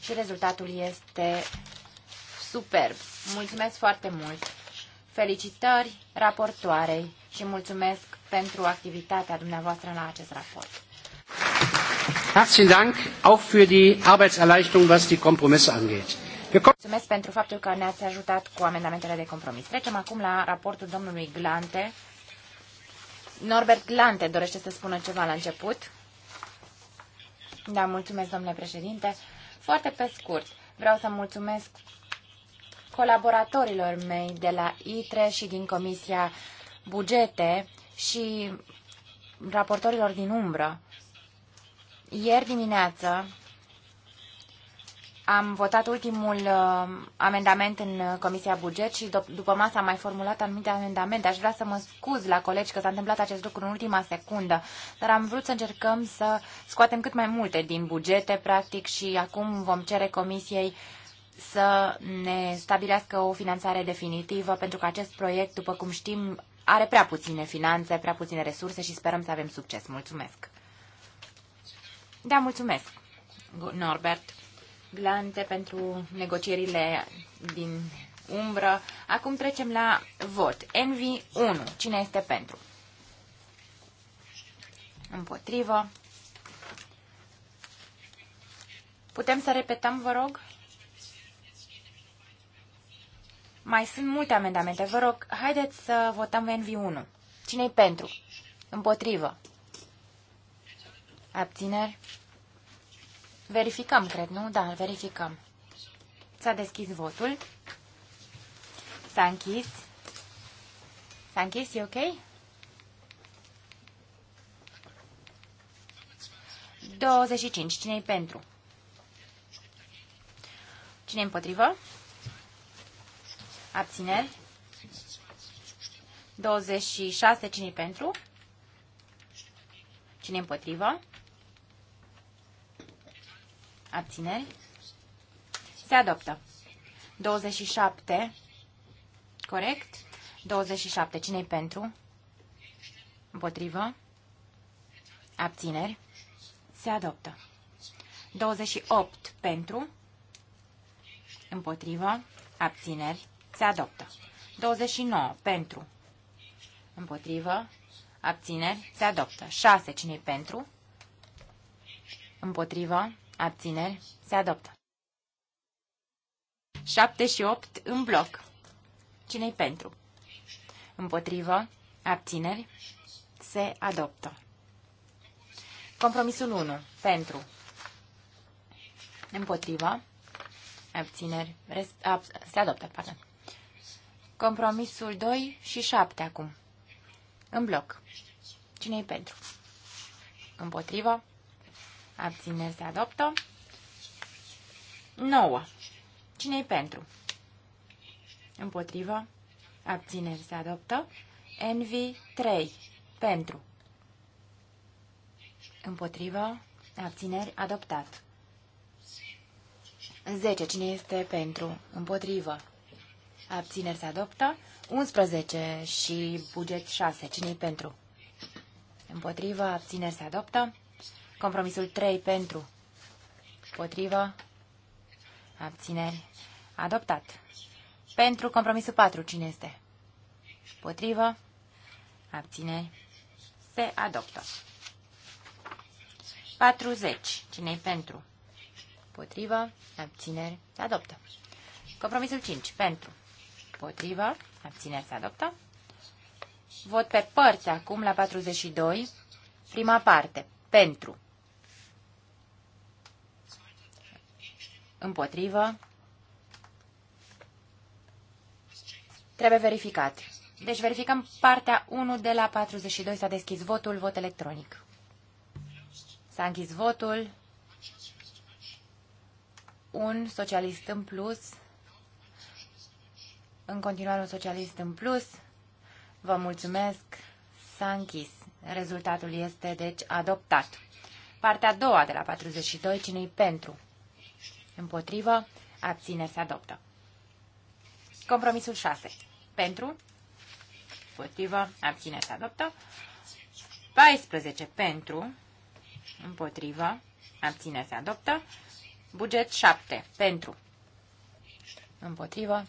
și rezultatul este superb. Mulțumesc foarte mult! Felicitări raportoarei și mulțumesc pentru activitatea dumneavoastră la acest raport. Herzlichen Dank auch für die Arbeitserleichterung, was die Kompromisse angeht. Mulțumesc pentru faptul că ne-ați ajutat cu amendamentele de compromis. Trecem acum la raportul domnului Glante Norbert Lante dorește să spună ceva la început. Da, mulțumesc, domnule președinte. Foarte pe scurt, vreau să mulțumesc colaboratorilor mei de la ITRE și din Comisia Bugete și raportorilor din umbră. Ieri dimineață am votat ultimul uh, amendament în uh, Comisia Buget și după masă am mai formulat anumite amendamente. Aș vrea să mă scuz la colegi că s-a întâmplat acest lucru în ultima secundă, dar am vrut să încercăm să scoatem cât mai multe din bugete, practic, și acum vom cere Comisiei să ne stabilească o finanțare definitivă, pentru că acest proiect, după cum știm, are prea puține finanțe, prea puține resurse și sperăm să avem succes. Mulțumesc! Da, mulțumesc, Norbert! Glante pentru negocierile din umbră. Acum trecem la vot. Envy 1. Cine este pentru? Împotrivă. Putem să repetăm, vă rog? Mai sunt multe amendamente. Vă rog, haideți să votăm NV1. Cine-i pentru? Împotrivă. Abțineri. Verificăm, cred, nu? Da, verificăm. S-a deschis votul. S-a închis. S-a închis, e ok? 25. cine e pentru? Cine-i împotrivă? Abțineri. 26. Cine-i pentru? Cine-i împotrivă? Abțineri? Se adoptă. 27. Corect? 27. Cine-i pentru? Împotrivă? Abțineri? Se adoptă. 28. Pentru? Împotrivă? Abțineri? Se adoptă. 29. Pentru? Împotrivă? Abțineri? Se adoptă. 6. Cine-i pentru? Împotrivă? Abțineri. Se adoptă. 7 și 8 în bloc. Cine-i pentru? Împotrivă. Abțineri. Se adoptă. Compromisul 1. Pentru. Împotrivă. Abțineri. Ab se adoptă, pardon. Compromisul 2 și 7 acum. În bloc. Cine e pentru? Împotrivă. Abțineri se adoptă. 9. Cine-i pentru? Împotrivă. Abțineri se adoptă. Envy 3. Pentru. Împotrivă. Abțineri adoptat. 10. Cine este pentru? Împotrivă. Abțineri se adoptă. 11 și buget 6. Cine-i pentru? Împotrivă. Abțineri se adoptă. Compromisul 3 pentru. Potrivă. Abțineri. Adoptat. Pentru compromisul 4. Cine este? Potrivă. Abțineri. Se adoptă. 40. cine e pentru? Potrivă. Abțineri. Se adoptă. Compromisul 5. Pentru. Potrivă. Abțineri. Se adoptă. Vot pe părți acum la 42. Prima parte. Pentru. Împotrivă. Trebuie verificat. Deci verificăm partea 1 de la 42. S-a deschis votul, vot electronic. S-a închis votul. Un socialist în plus. În continuare un socialist în plus. Vă mulțumesc. S-a închis. Rezultatul este, deci, adoptat. Partea a doua de la 42. Cine-i pentru? Împotrivă. Abțineri se adoptă. Compromisul 6. Pentru. Împotrivă. Abțineri se adoptă. 14. Pentru. Împotrivă. Abțineri se adoptă. Buget 7. Pentru. Împotrivă.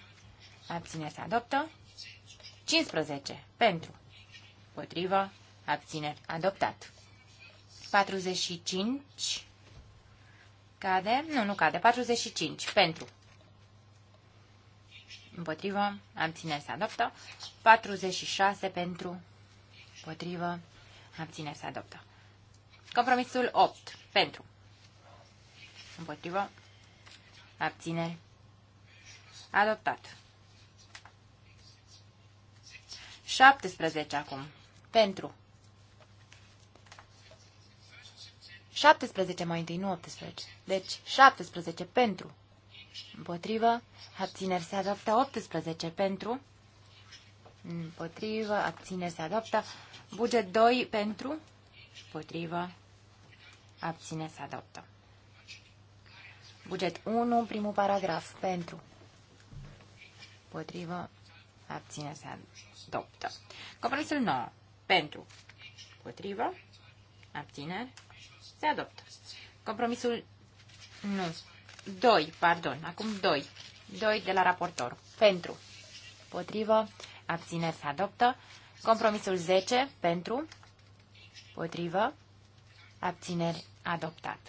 Abțineri se adoptă. 15. Pentru. Împotrivă. Abțineri adoptat. 45 Cade? Nu, nu cade. 45. Pentru. Împotrivă. Am ține să adoptă. 46 pentru. Împotrivă. Am ține să adoptă. Compromisul 8. Pentru. Împotrivă. Abțineri. Adoptat. 17 acum. Pentru. 17 mai întâi, nu 18. Deci 17 pentru. Împotrivă. Abțineri se adoptă 18 pentru. Împotrivă. Abțineri se adoptă. Buget 2 pentru. Împotrivă. abțineri se adoptă. Buget 1, primul paragraf, pentru. Împotrivă, abțineri se adoptă. Compromisul 9, pentru. Împotrivă, abțineri, se adoptă. Compromisul nu. Doi, pardon, acum doi. Doi de la raportor. Pentru. Potrivă. Abțineri se adoptă. Compromisul 10. Pentru. Potrivă. Abțineri adoptat.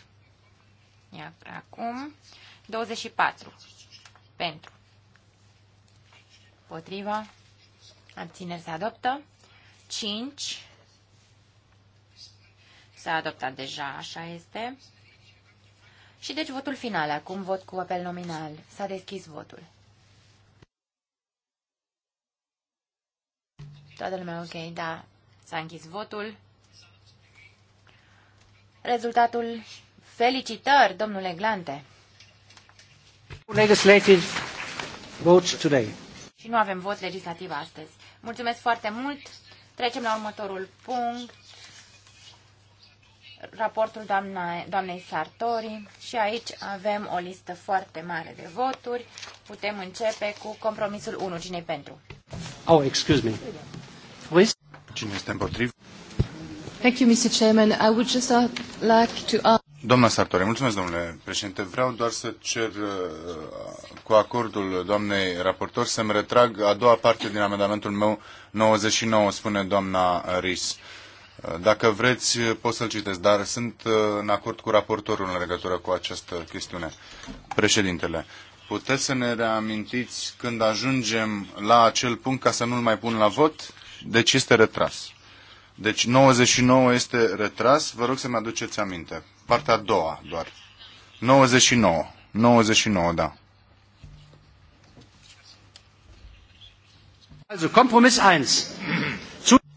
Iar acum 24. Pentru. Potrivă. Abțineri se adoptă. 5 S-a adoptat deja, așa este. Și deci votul final. Acum vot cu apel nominal. S-a deschis votul. Toată lumea ok, da. S-a închis votul. Rezultatul felicitări, domnule Glante. Legislative votes today. Și nu avem vot legislativ astăzi. Mulțumesc foarte mult. Trecem la următorul punct raportul doamna, doamnei Sartori și aici avem o listă foarte mare de voturi. Putem începe cu compromisul 1. cine pentru? Oh, excuse me. Please. Cine este împotrivă? Thank you, Mr. Chairman. I would just uh, like to ask... Doamna Sartori, mulțumesc, domnule președinte. Vreau doar să cer uh, cu acordul doamnei raportor să-mi retrag a doua parte din amendamentul meu 99, spune doamna Ris dacă vreți, pot să-l citesc, dar sunt uh, în acord cu raportorul în legătură cu această chestiune. Președintele, puteți să ne reamintiți când ajungem la acel punct ca să nu-l mai pun la vot? Deci este retras. Deci 99 este retras, vă rog să-mi aduceți aminte. Partea a doua doar. 99. 99, da. Also, Kompromiss 1.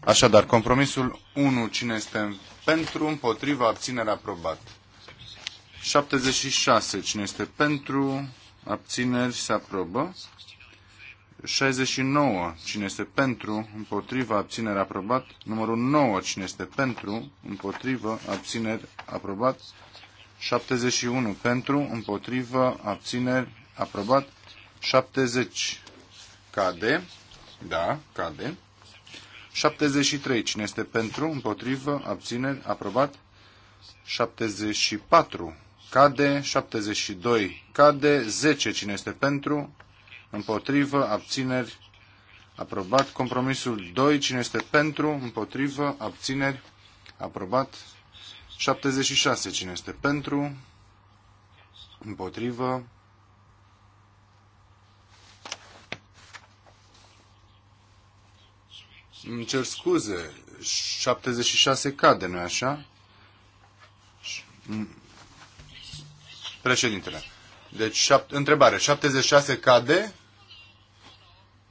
Așadar, compromisul 1, cine este pentru, împotriva, abținere, aprobat. 76, cine este pentru, abțineri, se aprobă. 69, cine este pentru, împotriva, abținere, aprobat. Numărul 9, cine este pentru, împotriva, abțineri, aprobat. 71, pentru, împotriva, abțineri, aprobat. 70, cade, da, cade. 73. Cine este pentru? Împotrivă? Abțineri? Aprobat. 74. Cade. 72. Cade. 10. Cine este pentru? Împotrivă? Abțineri? Aprobat. Compromisul 2. Cine este pentru? Împotrivă? Abțineri? Aprobat. 76. Cine este pentru? Împotrivă? Îmi cer scuze, 76 cade, nu-i așa? Președintele. Deci, întrebare, 76 cade?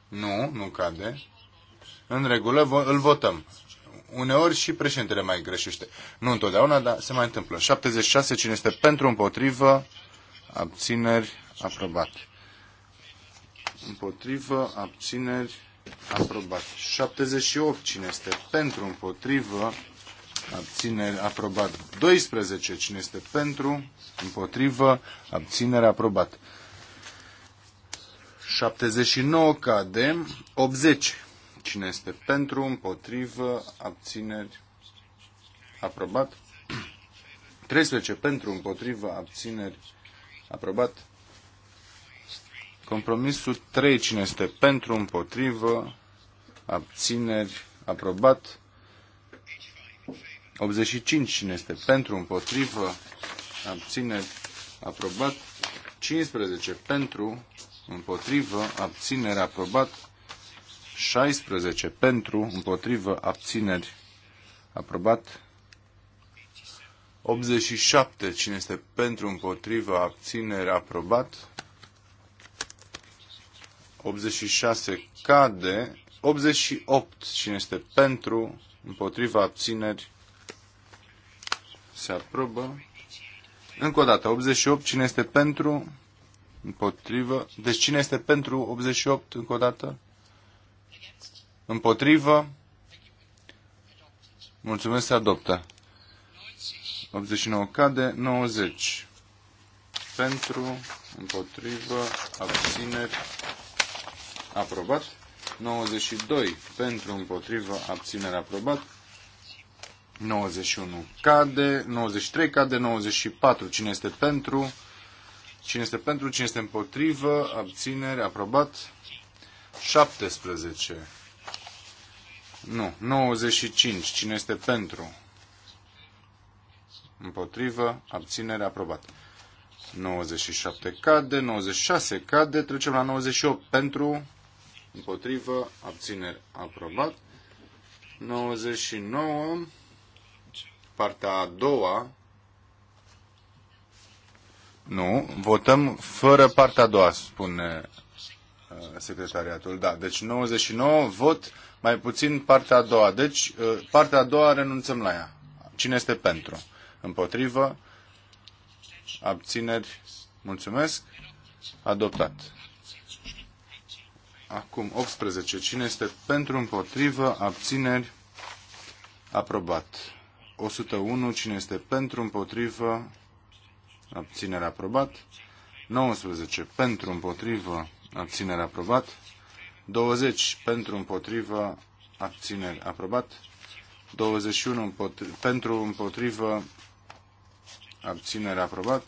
Nu, nu cade. În regulă, vo- îl votăm. Uneori și președintele mai greșește. Nu întotdeauna, dar se mai întâmplă. 76, cine este pentru, împotrivă, abțineri, aprobat. Împotrivă, abțineri, aprobat. 78 cine este pentru, împotrivă, abținere, aprobat. 12 cine este pentru, împotrivă, abținere, aprobat. 79 cade, 80 cine este pentru, împotrivă, abțineri, aprobat. 13 pentru, împotrivă, abțineri, aprobat. Compromisul 3, cine este pentru, împotrivă, abțineri, aprobat. 85, cine este pentru, împotrivă, abțineri, aprobat. 15, pentru, împotrivă, abțineri, aprobat. 16, pentru, împotrivă, abțineri, aprobat. 87, cine este pentru, împotrivă, abțineri, aprobat. 86 cade. 88. Cine este pentru? Împotriva abțineri se aprobă. Încă o dată, 88. Cine este pentru? Împotrivă. Deci cine este pentru 88 încă o dată? Împotrivă. Mulțumesc, se adoptă. 89 cade, 90. Pentru, împotrivă, abțineri, aprobat. 92 pentru împotrivă abținere aprobat. 91 cade, 93 cade, 94 cine este pentru, cine este pentru, cine este împotrivă, abținere aprobat. 17 nu, 95 cine este pentru împotrivă, abținere aprobat. 97 cade, 96 cade, trecem la 98 pentru împotrivă, abțineri, aprobat. 99, partea a doua. Nu, votăm fără partea a doua, spune uh, secretariatul. Da, deci 99, vot mai puțin partea a doua. Deci uh, partea a doua renunțăm la ea. Cine este pentru? Împotrivă? Abțineri? Mulțumesc. Adoptat. Acum 18. Cine este pentru, împotrivă, abțineri, aprobat. 101. Cine este pentru, împotrivă, abținere, aprobat. 19. Pentru, împotrivă, abținere, aprobat. 20. Pentru, împotrivă, Abținere aprobat. 21. Împotri, pentru, împotrivă, abținere, aprobat.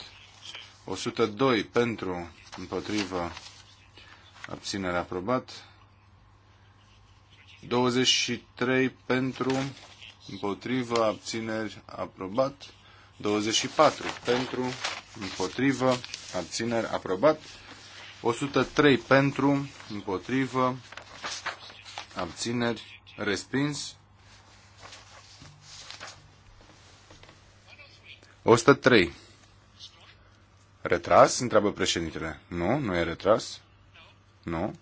102. Pentru, împotrivă, abținere aprobat. 23 pentru, împotrivă, abțineri aprobat. 24 pentru, împotrivă, abțineri aprobat. 103 pentru, împotrivă, abțineri respins. 103. Retras? Întreabă președintele. Nu, nu e retras. Nu.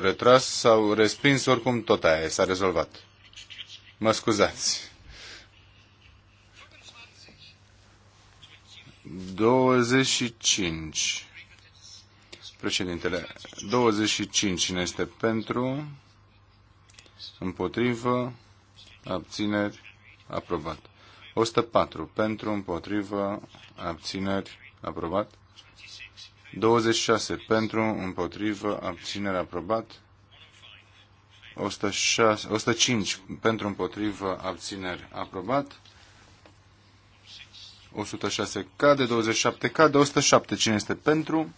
Retras sau respins, oricum tot aia s-a rezolvat. Mă scuzați. 25. Președintele, 25 cine este pentru, împotrivă, abțineri, aprobat. 104 pentru, împotrivă, abțineri, aprobat. 26 pentru, împotrivă, abținere aprobat. 106, 105 pentru, împotrivă, abțineri aprobat. 106 cade, 27 cade, 107 cine este pentru?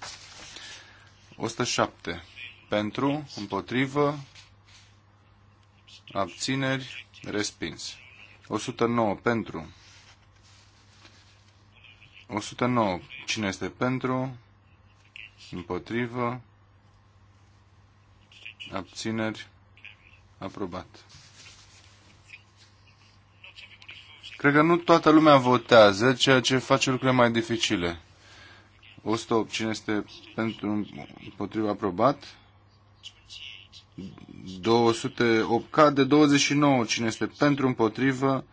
107 pentru, împotrivă, abțineri, respins. 109 pentru. 109 cine este pentru? împotrivă, abțineri, aprobat. Cred că nu toată lumea votează, ceea ce face lucrurile mai dificile. 108, cine este pentru împotriva aprobat? 208 cade, 29, cine este pentru împotrivă?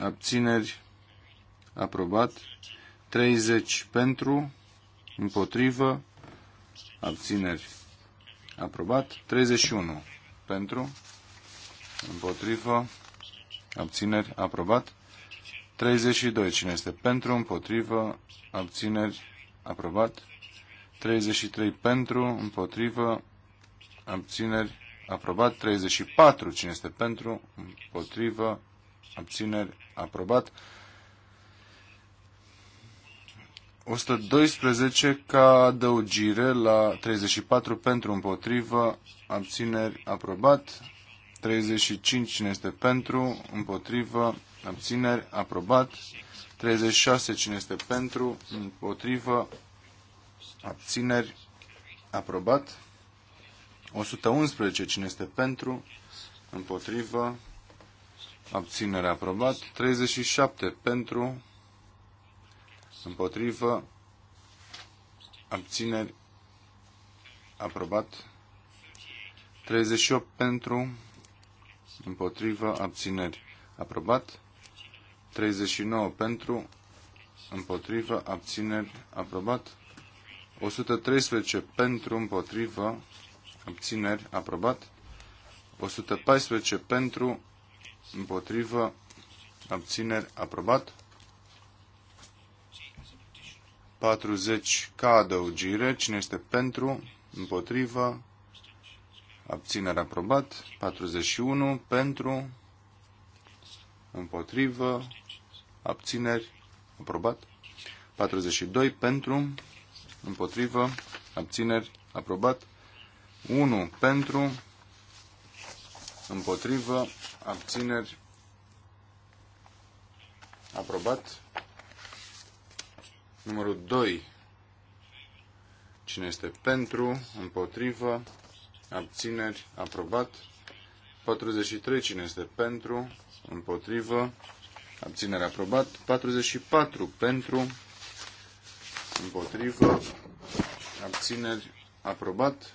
Abțineri, aprobat. 30 pentru, Împotrivă. Abțineri. Aprobat. 31. Pentru. Împotrivă. Abțineri. Aprobat. 32. Cine este pentru? Împotrivă. Abțineri. Aprobat. 33. Pentru. Împotrivă. Abțineri. Aprobat. 34. Cine este pentru? Împotrivă. Abțineri. Aprobat. 112 ca adăugire la 34 pentru împotrivă, abțineri aprobat. 35 cine este pentru, împotrivă, abțineri aprobat. 36 cine este pentru, împotrivă, abțineri aprobat. 111 cine este pentru, împotrivă, abținere aprobat. 37 pentru, Împotrivă. Abțineri. Aprobat. 38 pentru. Împotrivă. Abțineri. Aprobat. 39 pentru. Împotrivă. Abțineri. Aprobat. 113 pentru. Împotrivă. Abțineri. Aprobat. 114 pentru. Împotrivă. Abțineri. Aprobat. 40 ca adăugire. Cine este pentru? Împotrivă? Abținere aprobat. 41 pentru? Împotrivă? Abțineri? Aprobat. 42 pentru? Împotrivă? Abțineri? Aprobat. 1 pentru? Împotrivă? Abțineri? Aprobat. Numărul 2. Cine este pentru, împotrivă, abțineri, aprobat. 43. Cine este pentru, împotrivă, abțineri, aprobat. 44. Pentru, împotrivă, abțineri, aprobat.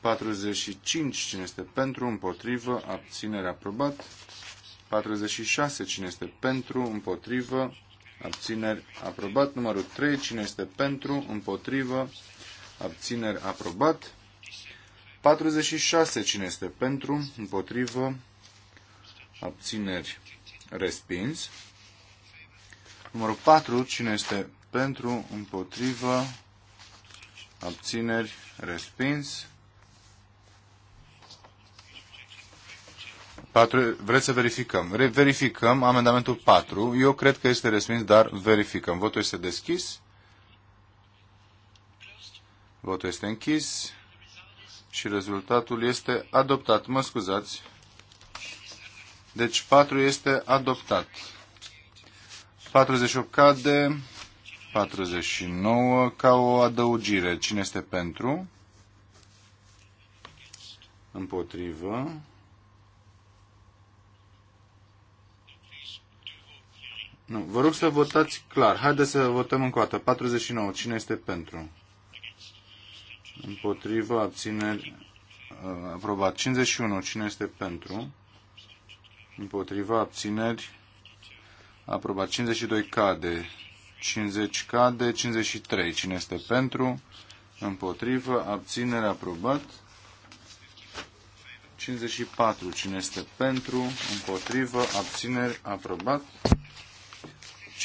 45. Cine este pentru, împotrivă, abțineri, aprobat. 46. Cine este pentru, împotrivă, abțineri aprobat. Numărul 3, cine este pentru, împotrivă, abțineri aprobat. 46, cine este pentru, împotrivă, abțineri respins. Numărul 4, cine este pentru, împotrivă, abțineri respins. 4, vreți să verificăm. Re verificăm amendamentul 4. Eu cred că este respins, dar verificăm. Votul este deschis. Votul este închis. Și rezultatul este adoptat. Mă scuzați. Deci 4 este adoptat. 48 cade. 49 ca o adăugire. Cine este pentru? Împotrivă. Nu, vă rog să votați clar. Haideți să votăm încă o dată. 49. Cine este pentru? Împotrivă, abțineri, Uh, aprobat. 51. Cine este pentru? Împotrivă, abțineri, aprobat. 52 cade. 50 cade. 53. Cine este pentru? Împotrivă, abținere, aprobat. 54. Cine este pentru? Împotrivă, abțineri, aprobat.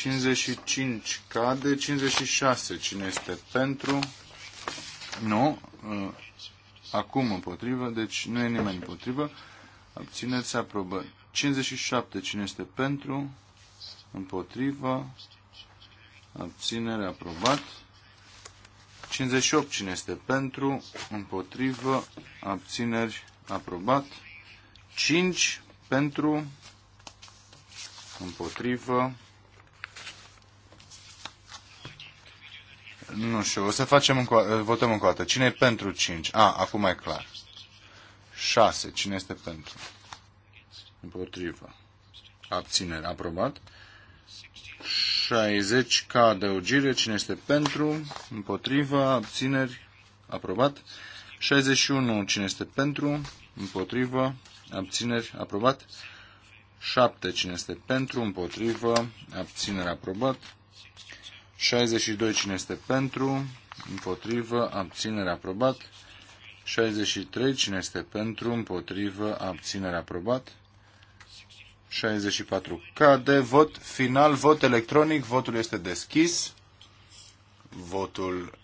55 cade, 56 cine este pentru, nu, uh, acum împotrivă, deci nu e nimeni împotrivă, abțineți aprobă. 57 cine este pentru, împotrivă, abținere aprobat. 58 cine este pentru, împotrivă, abțineri aprobat. 5 pentru, împotrivă, Nu știu, o să facem încă, eh, votăm încă o dată. Cine e pentru 5? A, acum e clar. 6. Cine este pentru? Împotrivă. Abținere. Aprobat. 60 ca adăugire. Cine este pentru? Împotrivă. Abțineri. Aprobat. 61. Cine este pentru? Împotrivă. Abțineri. Aprobat. 7. Cine este pentru? Împotrivă. Abțineri. Aprobat. 62 cine este pentru, împotrivă, abținere aprobat. 63 cine este pentru, împotrivă, abținere aprobat. 64 cade, vot final, vot electronic, votul este deschis. Votul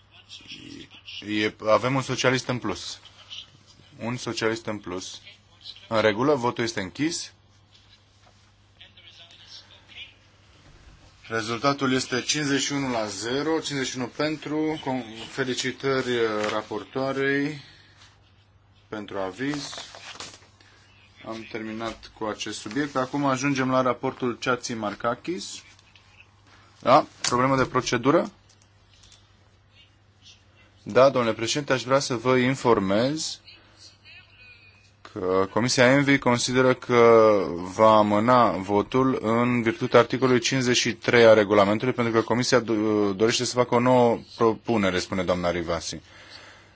e, avem un socialist în plus. Un socialist în plus. În regulă, votul este închis. Rezultatul este 51 la 0, 51 pentru, felicitări uh, raportoarei pentru aviz. Am terminat cu acest subiect. Acum ajungem la raportul Ceații Marcachis. Da, problemă de procedură? Da, domnule președinte, aș vrea să vă informez Comisia Envi consideră că va amâna votul în virtutea articolului 53 a regulamentului, pentru că Comisia dorește să facă o nouă propunere, spune doamna Rivasi.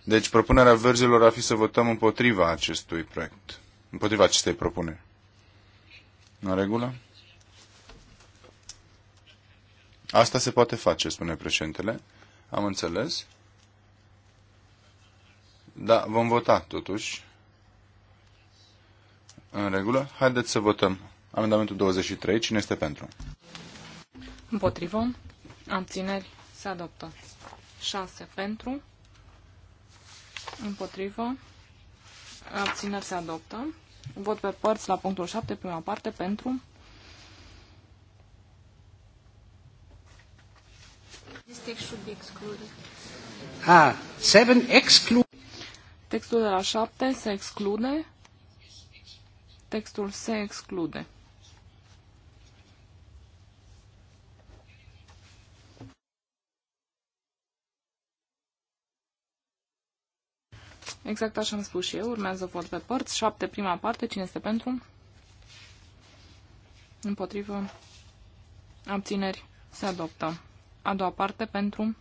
Deci propunerea verzilor ar fi să votăm împotriva acestui proiect, împotriva acestei propuneri. În regulă? Asta se poate face, spune președintele. Am înțeles. Da, vom vota totuși. În regulă? Haideți să votăm. Amendamentul 23. Cine este pentru? Împotrivă. Abțineri. Se adoptă. 6 pentru. Împotrivă. Abțineri se adoptă. Vot pe părți la punctul 7, prima parte, pentru. Ah, Textul de la 7 se exclude. Textul se exclude. Exact așa am spus și eu. Urmează vot pe părți. 7, prima parte. Cine este pentru? Împotrivă. Abțineri. Se adoptă. A doua parte pentru.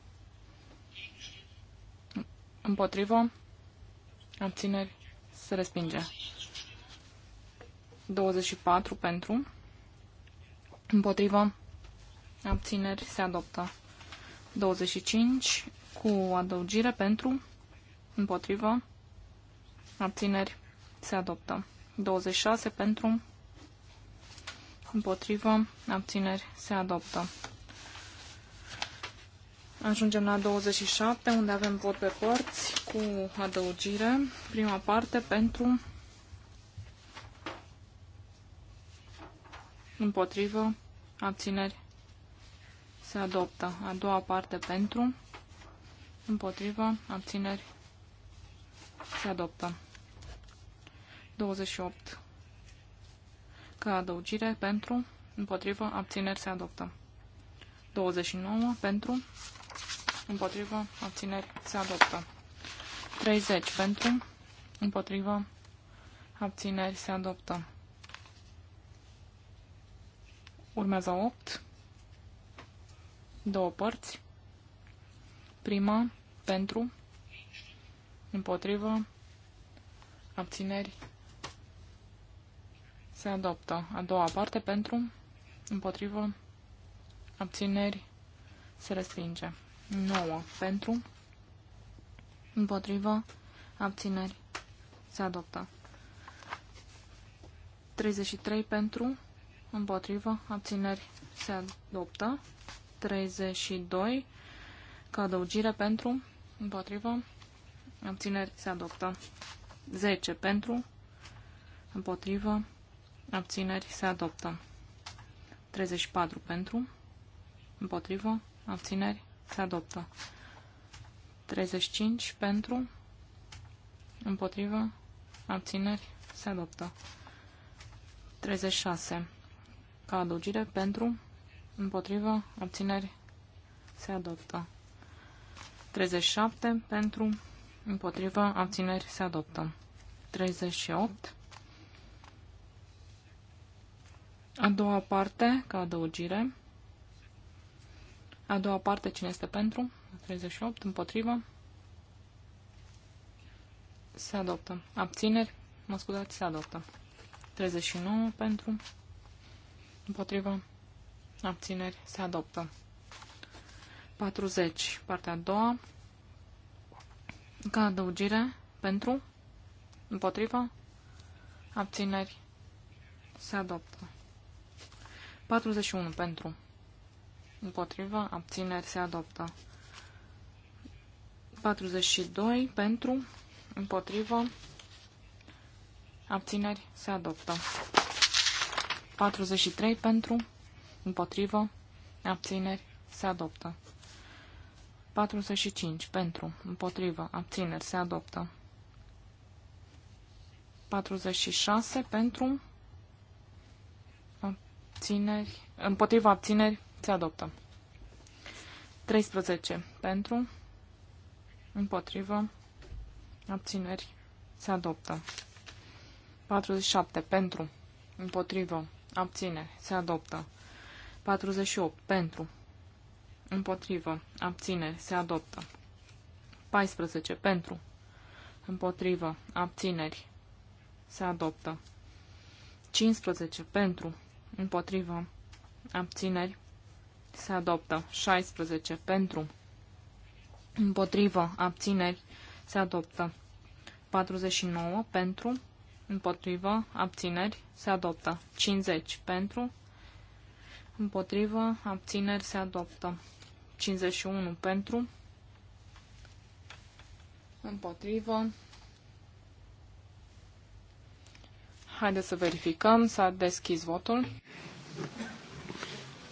Împotrivă. Abțineri. Se respinge. 24 pentru, împotrivă, abțineri, se adoptă. 25 cu adăugire pentru, împotrivă, abțineri, se adoptă. 26 pentru, împotrivă, abțineri, se adoptă. Ajungem la 27, unde avem vot pe părți cu adăugire. Prima parte pentru, împotrivă, abțineri, se adoptă. A doua parte pentru, împotrivă, abțineri, se adoptă. 28. Ca adăugire, pentru, împotrivă, abțineri, se adoptă. 29. Pentru, împotrivă, abțineri, se adoptă. 30. Pentru, împotrivă, abțineri, se adoptă. Urmează 8. Două părți. Prima, pentru, împotrivă, abțineri, se adoptă. A doua parte, pentru, împotrivă, abțineri, se respinge. 9. Pentru, împotrivă, abțineri, se adoptă. 33 pentru, împotrivă, abțineri se adoptă. 32 ca adăugire pentru, împotrivă, abțineri se adoptă. 10 pentru, împotrivă, abțineri se adoptă. 34 pentru, împotrivă, abțineri se adoptă. 35 pentru, împotrivă, abțineri se adoptă. 36 ca adăugire pentru, împotrivă, abțineri, se adoptă. 37 pentru, împotrivă, abțineri, se adoptă. 38 A doua parte, ca adăugire. A doua parte, cine este pentru? 38, împotrivă. Se adoptă. Abțineri, mă scuzați, se adoptă. 39 pentru, împotriva Abțineri. Se adoptă. 40. Partea a doua. Ca adăugire. Pentru. împotriva Abțineri. Se adoptă. 41. Pentru. împotriva Abțineri. Se adoptă. 42. Pentru. împotriva Abțineri. Se adoptă. 43 pentru, împotrivă, abțineri, se adoptă. 45 pentru, împotrivă, abțineri, se adoptă. 46 pentru, abțineri, împotriva abțineri, se adoptă. 13 pentru, împotrivă, abțineri, se adoptă. 47 pentru, împotrivă, abține, Se adoptă. 48. Pentru. Împotrivă. Abțineri. Se adoptă. 14. Pentru. Împotrivă. Abțineri. Se adoptă. 15. Pentru. Împotrivă. Abțineri. Se adoptă. 16. Pentru. Împotrivă. Abțineri. Se adoptă. 49. Pentru împotrivă, abțineri, se adoptă. 50 pentru, împotrivă, abțineri, se adoptă. 51 pentru, împotrivă. Haideți să verificăm, s-a deschis votul.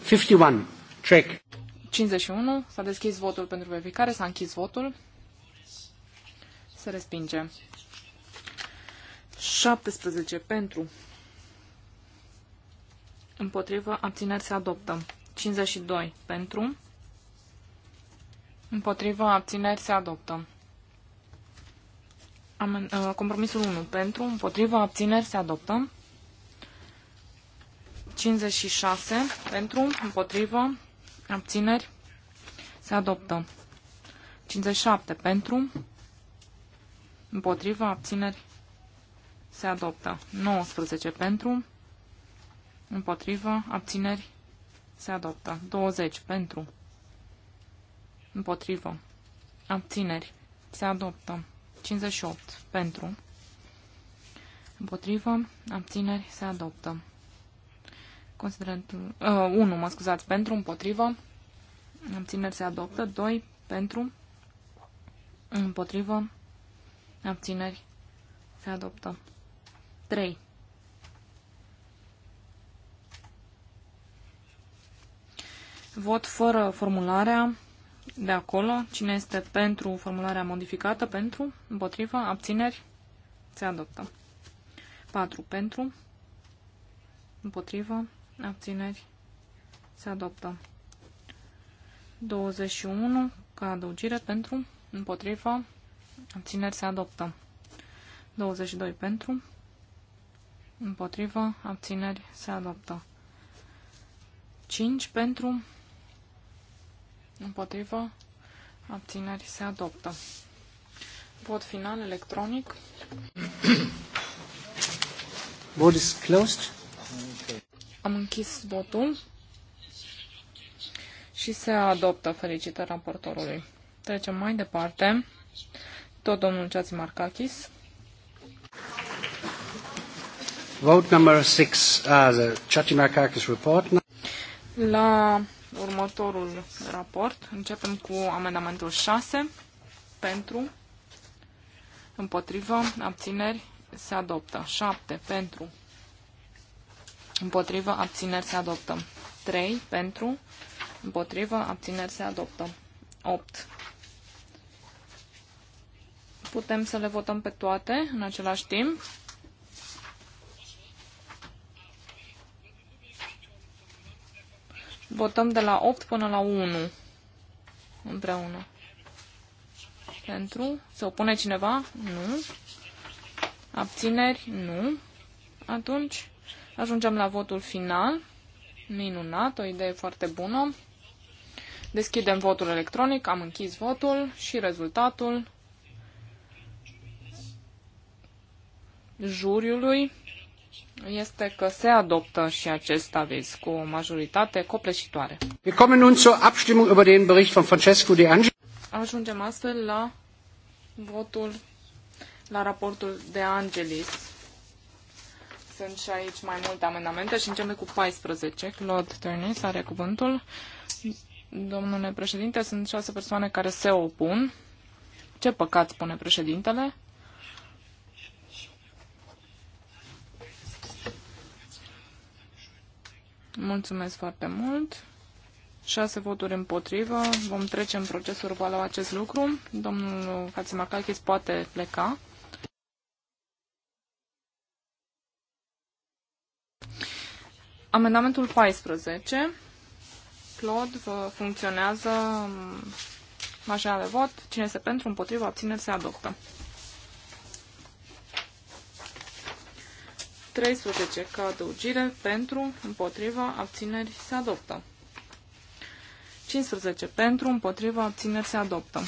51, check. 51, s-a deschis votul pentru verificare, s-a închis votul. Se respinge. 17 pentru. Împotrivă. Abțineri se adoptă. 52 pentru. Împotrivă. Abțineri se adoptă. Amen, uh, compromisul 1 pentru. Împotrivă. Abțineri se adoptă. 56 pentru. Împotrivă. Abțineri se adoptă. 57 pentru. Împotrivă. Abțineri se adoptă. 19 pentru, împotrivă, abțineri, se adoptă. 20 pentru, împotrivă, abțineri, se adoptă. 58 pentru, împotrivă, abțineri, se adoptă. Considerentul, uh, 1, mă scuzați, pentru, împotrivă, abțineri, se adoptă. 2 pentru, împotrivă, abțineri, se adoptă. 3. Vot fără formularea de acolo. Cine este pentru formularea modificată? Pentru, împotrivă, abțineri, se adoptă. 4. Pentru, împotrivă, abțineri, se adoptă. 21 ca adăugire pentru, împotrivă, abțineri se adoptă. 22 pentru, Împotrivă. Abțineri. Se adoptă. 5 pentru. Împotrivă. Abțineri. Se adoptă. Vot final electronic. Vot is closed. Am închis votul și se adoptă. Felicitări raportorului. Trecem mai departe. Tot domnul Ceați Marcachis. Vote number six, uh, the Chachimakakis report. La următorul raport începem cu amendamentul 6 pentru, împotrivă, abțineri, se adoptă. 7 pentru, împotrivă, abțineri, se adoptă. 3 pentru, împotrivă, abțineri, se adoptă. 8 putem să le votăm pe toate în același timp. Votăm de la 8 până la 1 împreună. Pentru? Se opune cineva? Nu. Abțineri? Nu. Atunci ajungem la votul final. Minunat, o idee foarte bună. Deschidem votul electronic, am închis votul și rezultatul juriului este că se adoptă și acest aviz cu o majoritate copleșitoare. Ajungem astfel la votul la raportul de Angelis. Sunt și aici mai multe amendamente și începem cu 14. Claude Turnis are cuvântul. Domnule președinte, sunt șase persoane care se opun. Ce păcat, spune președintele. Mulțumesc foarte mult. 6 voturi împotrivă. Vom trece în procesul verbal la acest lucru. Domnul Katsimakakis poate pleca. Amendamentul 14. Claude funcționează mașina de vot. Cine este pentru, împotrivă, abțineri, se adoptă. 13 ca adăugire pentru, împotriva, abțineri se adoptă. 15 pentru, împotriva, abțineri se adoptă.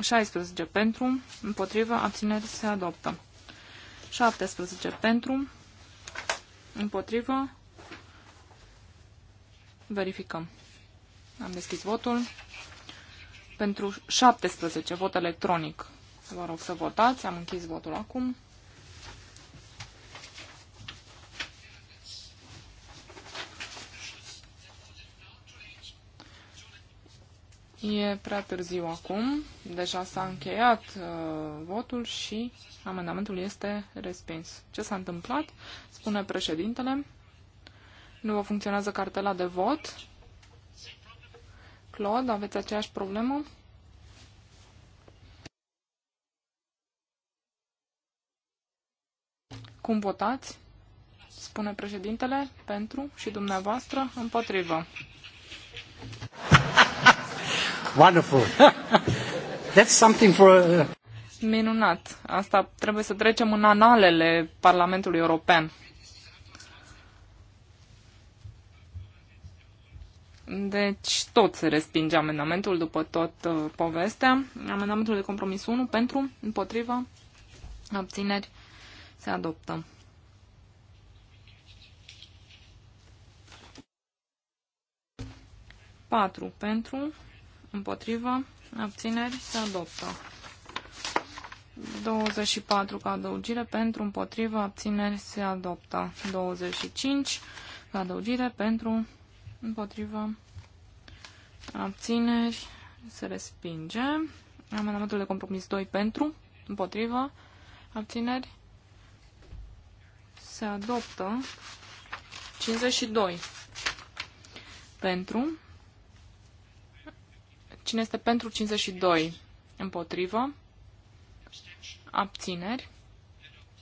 16 pentru, împotriva, abțineri se adoptă. 17 pentru, împotriva, verificăm. Am deschis votul. Pentru 17 vot electronic. Vă rog să votați. Am închis votul acum. E prea târziu acum, deja s-a încheiat uh, votul și amendamentul este respins. Ce s-a întâmplat? Spune președintele. Nu vă funcționează cartela de vot. Claude, aveți aceeași problemă? Cum votați? Spune președintele, pentru și dumneavoastră, împotrivă. Wonderful. (laughs) That's something for... A... Uh, Minunat. Asta trebuie să trecem în analele Parlamentului European. Deci tot se respinge amendamentul după tot uh, povestea. Amendamentul de compromis 1 pentru, împotriva, abțineri, se adoptă. Patru pentru, împotrivă, abțineri, se adoptă. 24 ca adăugire pentru, împotrivă, abțineri, se adoptă. 25 ca adăugire pentru, împotrivă, abțineri, se respinge. Amendamentul de compromis 2 pentru, împotrivă, abțineri, se adoptă. 52 pentru, Cine este pentru 52? Împotrivă. Abțineri.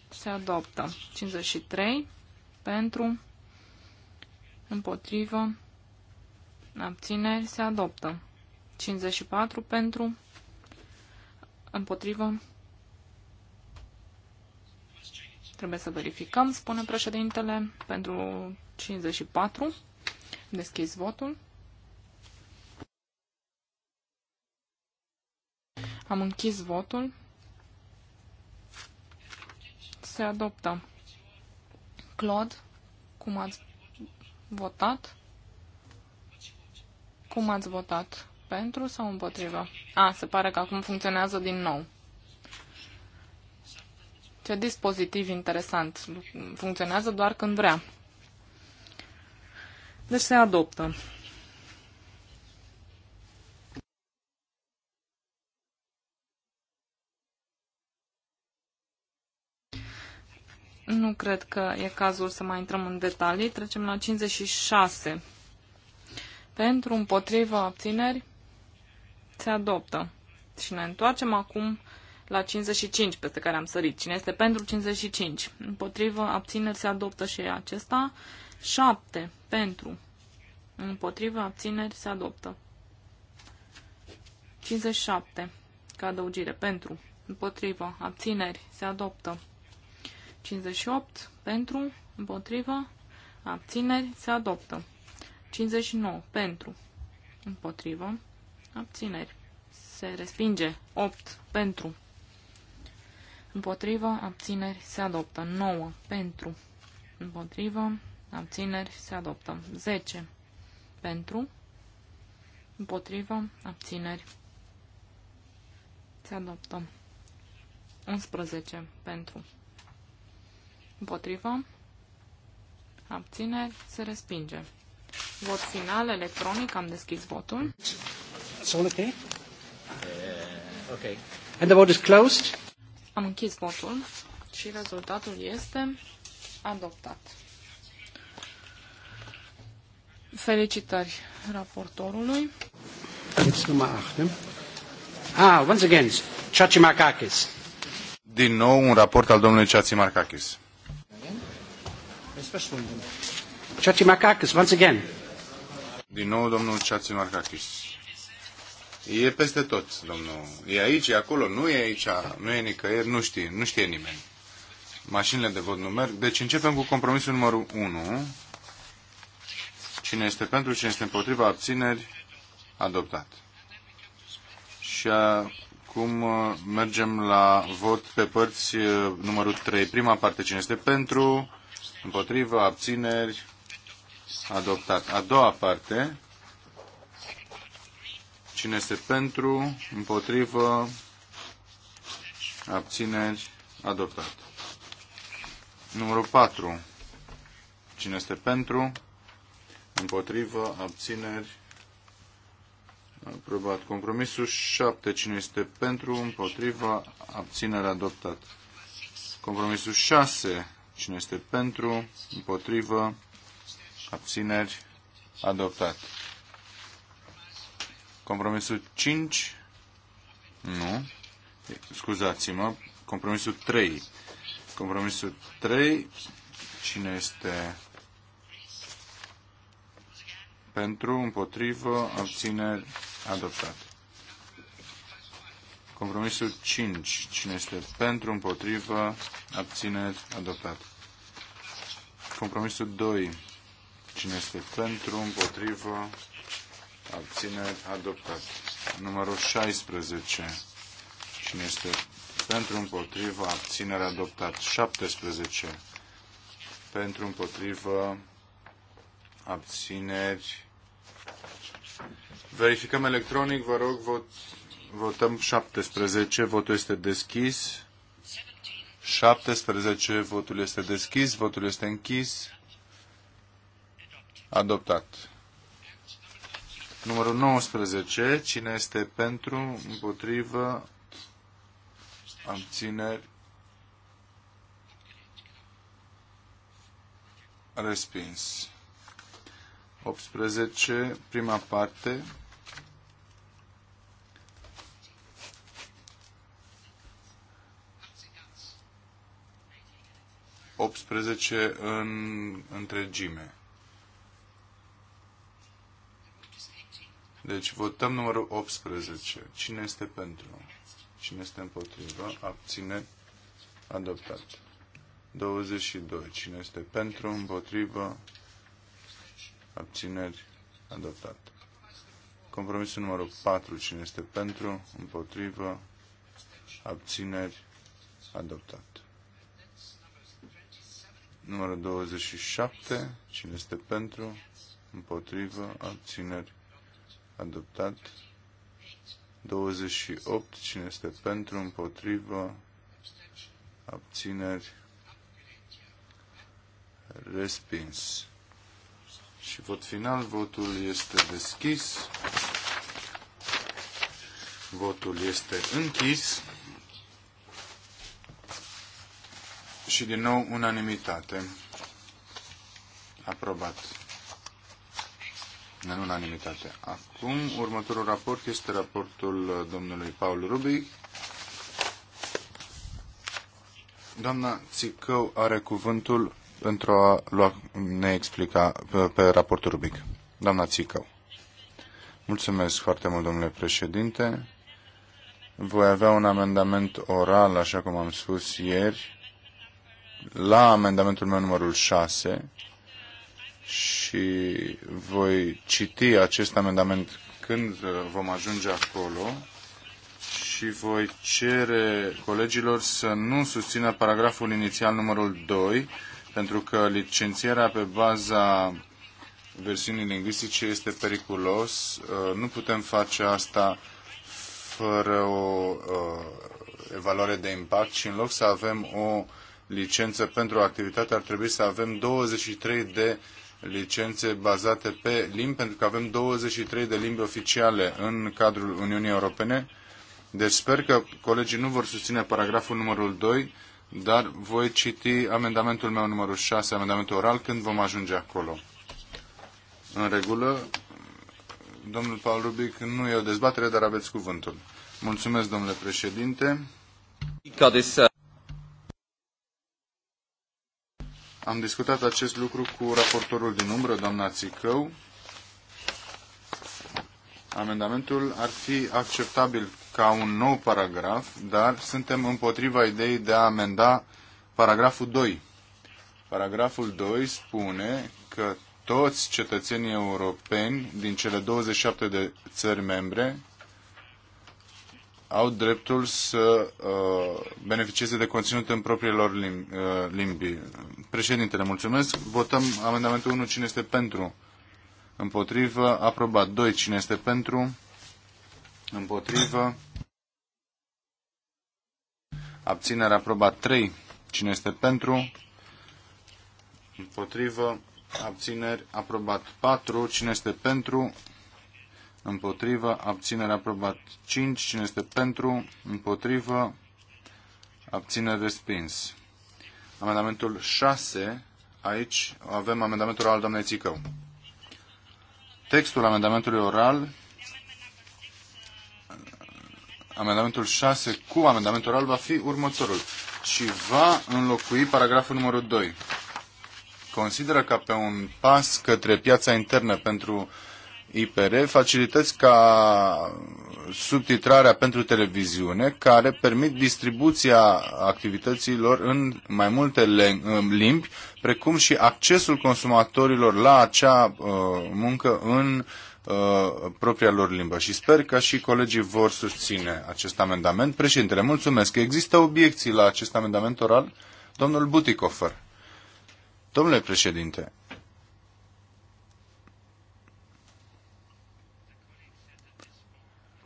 Se adoptă. 53. Pentru. Împotrivă. Abțineri. Se adoptă. 54. Pentru. Împotrivă. Trebuie să verificăm, spune președintele, pentru 54. Deschis votul. Am închis votul. Se adoptă. Claude, cum ați votat? Cum ați votat? Pentru sau împotrivă? A, se pare că acum funcționează din nou. Ce dispozitiv interesant. Funcționează doar când vrea. Deci se adoptă. Nu cred că e cazul să mai intrăm în detalii. Trecem la 56. Pentru, împotrivă, abțineri, se adoptă. Și ne întoarcem acum la 55, peste care am sărit. Cine este pentru 55? Împotrivă, abțineri, se adoptă și acesta. 7. Pentru. Împotrivă, abțineri, se adoptă. 57. Ca adăugire. Pentru. Împotrivă, abțineri, se adoptă. 58 pentru, împotrivă, abțineri, se adoptă. 59 pentru, împotrivă, abțineri, se respinge. 8 pentru, împotrivă, abțineri, se adoptă. 9 pentru, împotrivă, abțineri, se adoptă. 10 pentru, împotrivă, abțineri, se adoptă. 11 pentru, Împotrivă. Abțineri. Se respinge. Vot final electronic. Am deschis votul. It's all okay? Uh, okay. And the vote is closed. Am închis votul și rezultatul este adoptat. Felicitări raportorului. Jetzt Nummer 8, Ah, once again, Chachimakakis. Din nou un raport al domnului Chachimakakis once again. Din nou, domnul Chachimakakis. E peste tot, domnul. E aici, e acolo, nu e aici, nu e nicăieri, nu știe, nu știe nimeni. Mașinile de vot nu merg. Deci începem cu compromisul numărul 1. Cine este pentru, cine este împotriva, abțineri, adoptat. Și acum uh, mergem la vot pe părți uh, numărul 3. Prima parte, cine este pentru, împotrivă, abțineri, adoptat. A doua parte, cine este pentru, împotrivă, abțineri, adoptat. Numărul 4, cine este pentru, împotrivă, abțineri, aprobat. Compromisul 7, cine este pentru, împotrivă, abțineri adoptat. Compromisul 6, Cine este pentru? Împotrivă? Abțineri? Adoptat. Compromisul 5? Nu. Scuzați-mă. Compromisul 3. Compromisul 3. Cine este pentru, împotrivă, abțineri, adoptat. Compromisul 5. Cine este pentru, împotrivă, abțineri, adoptat. Compromisul 2. Cine este pentru, împotrivă, abțineri, adoptat. Numărul 16. Cine este pentru, împotrivă, abținere, adoptat. 17. Pentru, împotrivă, abțineri. Verificăm electronic, vă rog, vot Votăm 17, votul este deschis. 17, votul este deschis, votul este închis. Adoptat. Numărul 19, cine este pentru, împotrivă, abțineri, respins. 18, prima parte, 18 în întregime. Deci votăm numărul 18. Cine este pentru? Cine este împotrivă? Abține. Adoptat. 22. Cine este pentru? Împotrivă? Abțineri. Adoptat. Compromisul numărul 4. Cine este pentru? Împotrivă? Abțineri. Adoptat numărul 27. Cine este pentru? Împotrivă. Abțineri. Adoptat. 28. Cine este pentru? Împotrivă. Abțineri. Respins. Și vot final. Votul este deschis. Votul este închis. și din nou unanimitate. Aprobat. În unanimitate. Acum, următorul raport este raportul domnului Paul Rubic. Doamna Țicău are cuvântul pentru a lua, ne explica pe, pe raportul Rubic. Doamna Țicău. Mulțumesc foarte mult, domnule președinte. Voi avea un amendament oral, așa cum am spus ieri, la amendamentul meu numărul 6 și voi citi acest amendament când uh, vom ajunge acolo și voi cere colegilor să nu susțină paragraful inițial numărul 2 pentru că licențierea pe baza versiunii lingvistice este periculos. Uh, nu putem face asta fără o uh, evaluare de impact și în loc să avem o licență pentru o activitate, ar trebui să avem 23 de licențe bazate pe limbi, pentru că avem 23 de limbi oficiale în cadrul Uniunii Europene. Deci sper că colegii nu vor susține paragraful numărul 2, dar voi citi amendamentul meu numărul 6, amendamentul oral, când vom ajunge acolo. În regulă, domnul Paul Rubic, nu e o dezbatere, dar aveți cuvântul. Mulțumesc, domnule președinte. Am discutat acest lucru cu raportorul din umbră, doamna Țicău. Amendamentul ar fi acceptabil ca un nou paragraf, dar suntem împotriva ideii de a amenda paragraful 2. Paragraful 2 spune că toți cetățenii europeni din cele 27 de țări membre au dreptul să uh, beneficieze de conținut în propriile lim uh, limbi. Președintele, mulțumesc. Votăm amendamentul 1. Cine este pentru? Împotrivă. Aprobat. 2. Cine este pentru? Împotrivă. Abținere. Aprobat. 3. Cine este pentru? Împotrivă. Abțineri. Aprobat. 4. Cine este pentru? împotrivă, abținere aprobat 5, cine este pentru, împotrivă, abținere respins. Amendamentul 6, aici avem amendamentul al doamnei Țicău. Textul amendamentului oral, amendamentul 6 cu amendamentul oral va fi următorul și va înlocui paragraful numărul 2. Consideră ca pe un pas către piața internă pentru uh, IPR facilități ca subtitrarea pentru televiziune care permit distribuția activităților în mai multe limbi, precum și accesul consumatorilor la acea uh, muncă în uh, propria lor limbă. Și sper că și colegii vor susține acest amendament. Președintele, mulțumesc. Există obiecții la acest amendament oral? Domnul Butikofer. Domnule președinte,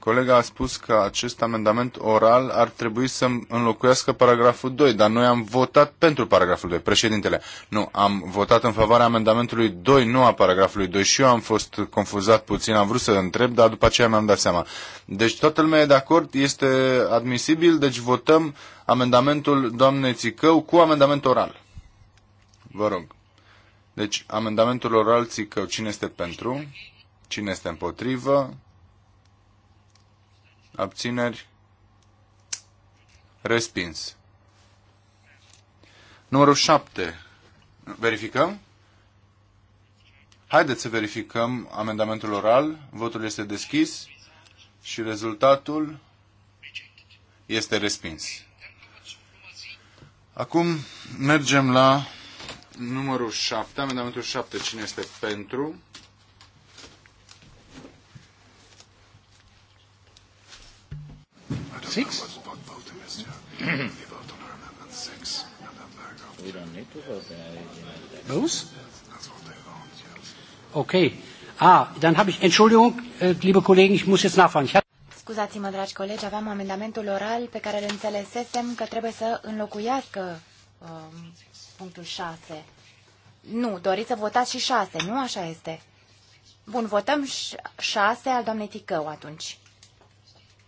Colega a spus că acest amendament oral ar trebui să înlocuiască paragraful 2, dar noi am votat pentru paragraful 2, președintele. Nu, am votat în favoarea amendamentului 2, nu a paragrafului 2 și eu am fost confuzat puțin, am vrut să întreb, dar după aceea mi-am dat seama. Deci toată lumea e de acord, este admisibil, deci votăm amendamentul doamnei Țicău cu amendament oral. Vă rog. Deci amendamentul oral Țicău, cine este pentru? Cine este împotrivă? abțineri, respins. Numărul 7. Verificăm? Haideți să verificăm amendamentul oral. Votul este deschis și rezultatul este respins. Acum mergem la numărul 7, amendamentul 7. Cine este pentru? six? we don't (clears throat) need to vote on original Those? Okay. Ah, dann habe ich, Entschuldigung, äh, liebe Kollegen, ich muss jetzt nachfragen. Ich Scuzați-mă, dragi colegi, aveam amendamentul oral pe care îl înțelesesem că trebuie să înlocuiască um, punctul 6. Nu, doriți să votați și 6, nu așa este. Bun, votăm 6 al doamnei Ticău atunci.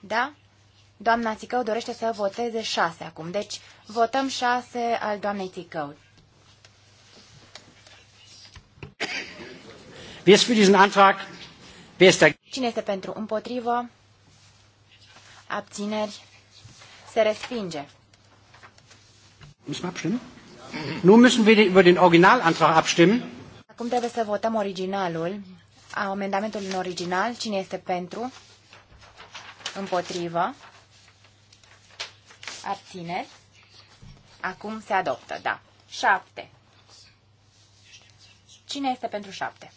Da? Doamna Țicău dorește să voteze șase acum. Deci votăm șase al doamnei Țicău. Cine este pentru? Împotrivă? Abțineri? Se respinge. Müssen müssen wir über den Originalantrag abstimmen. Acum trebuie să votăm originalul, amendamentul în original. Cine este pentru? Împotrivă? abțineri, acum se adoptă, da. 7. Cine este pentru 7?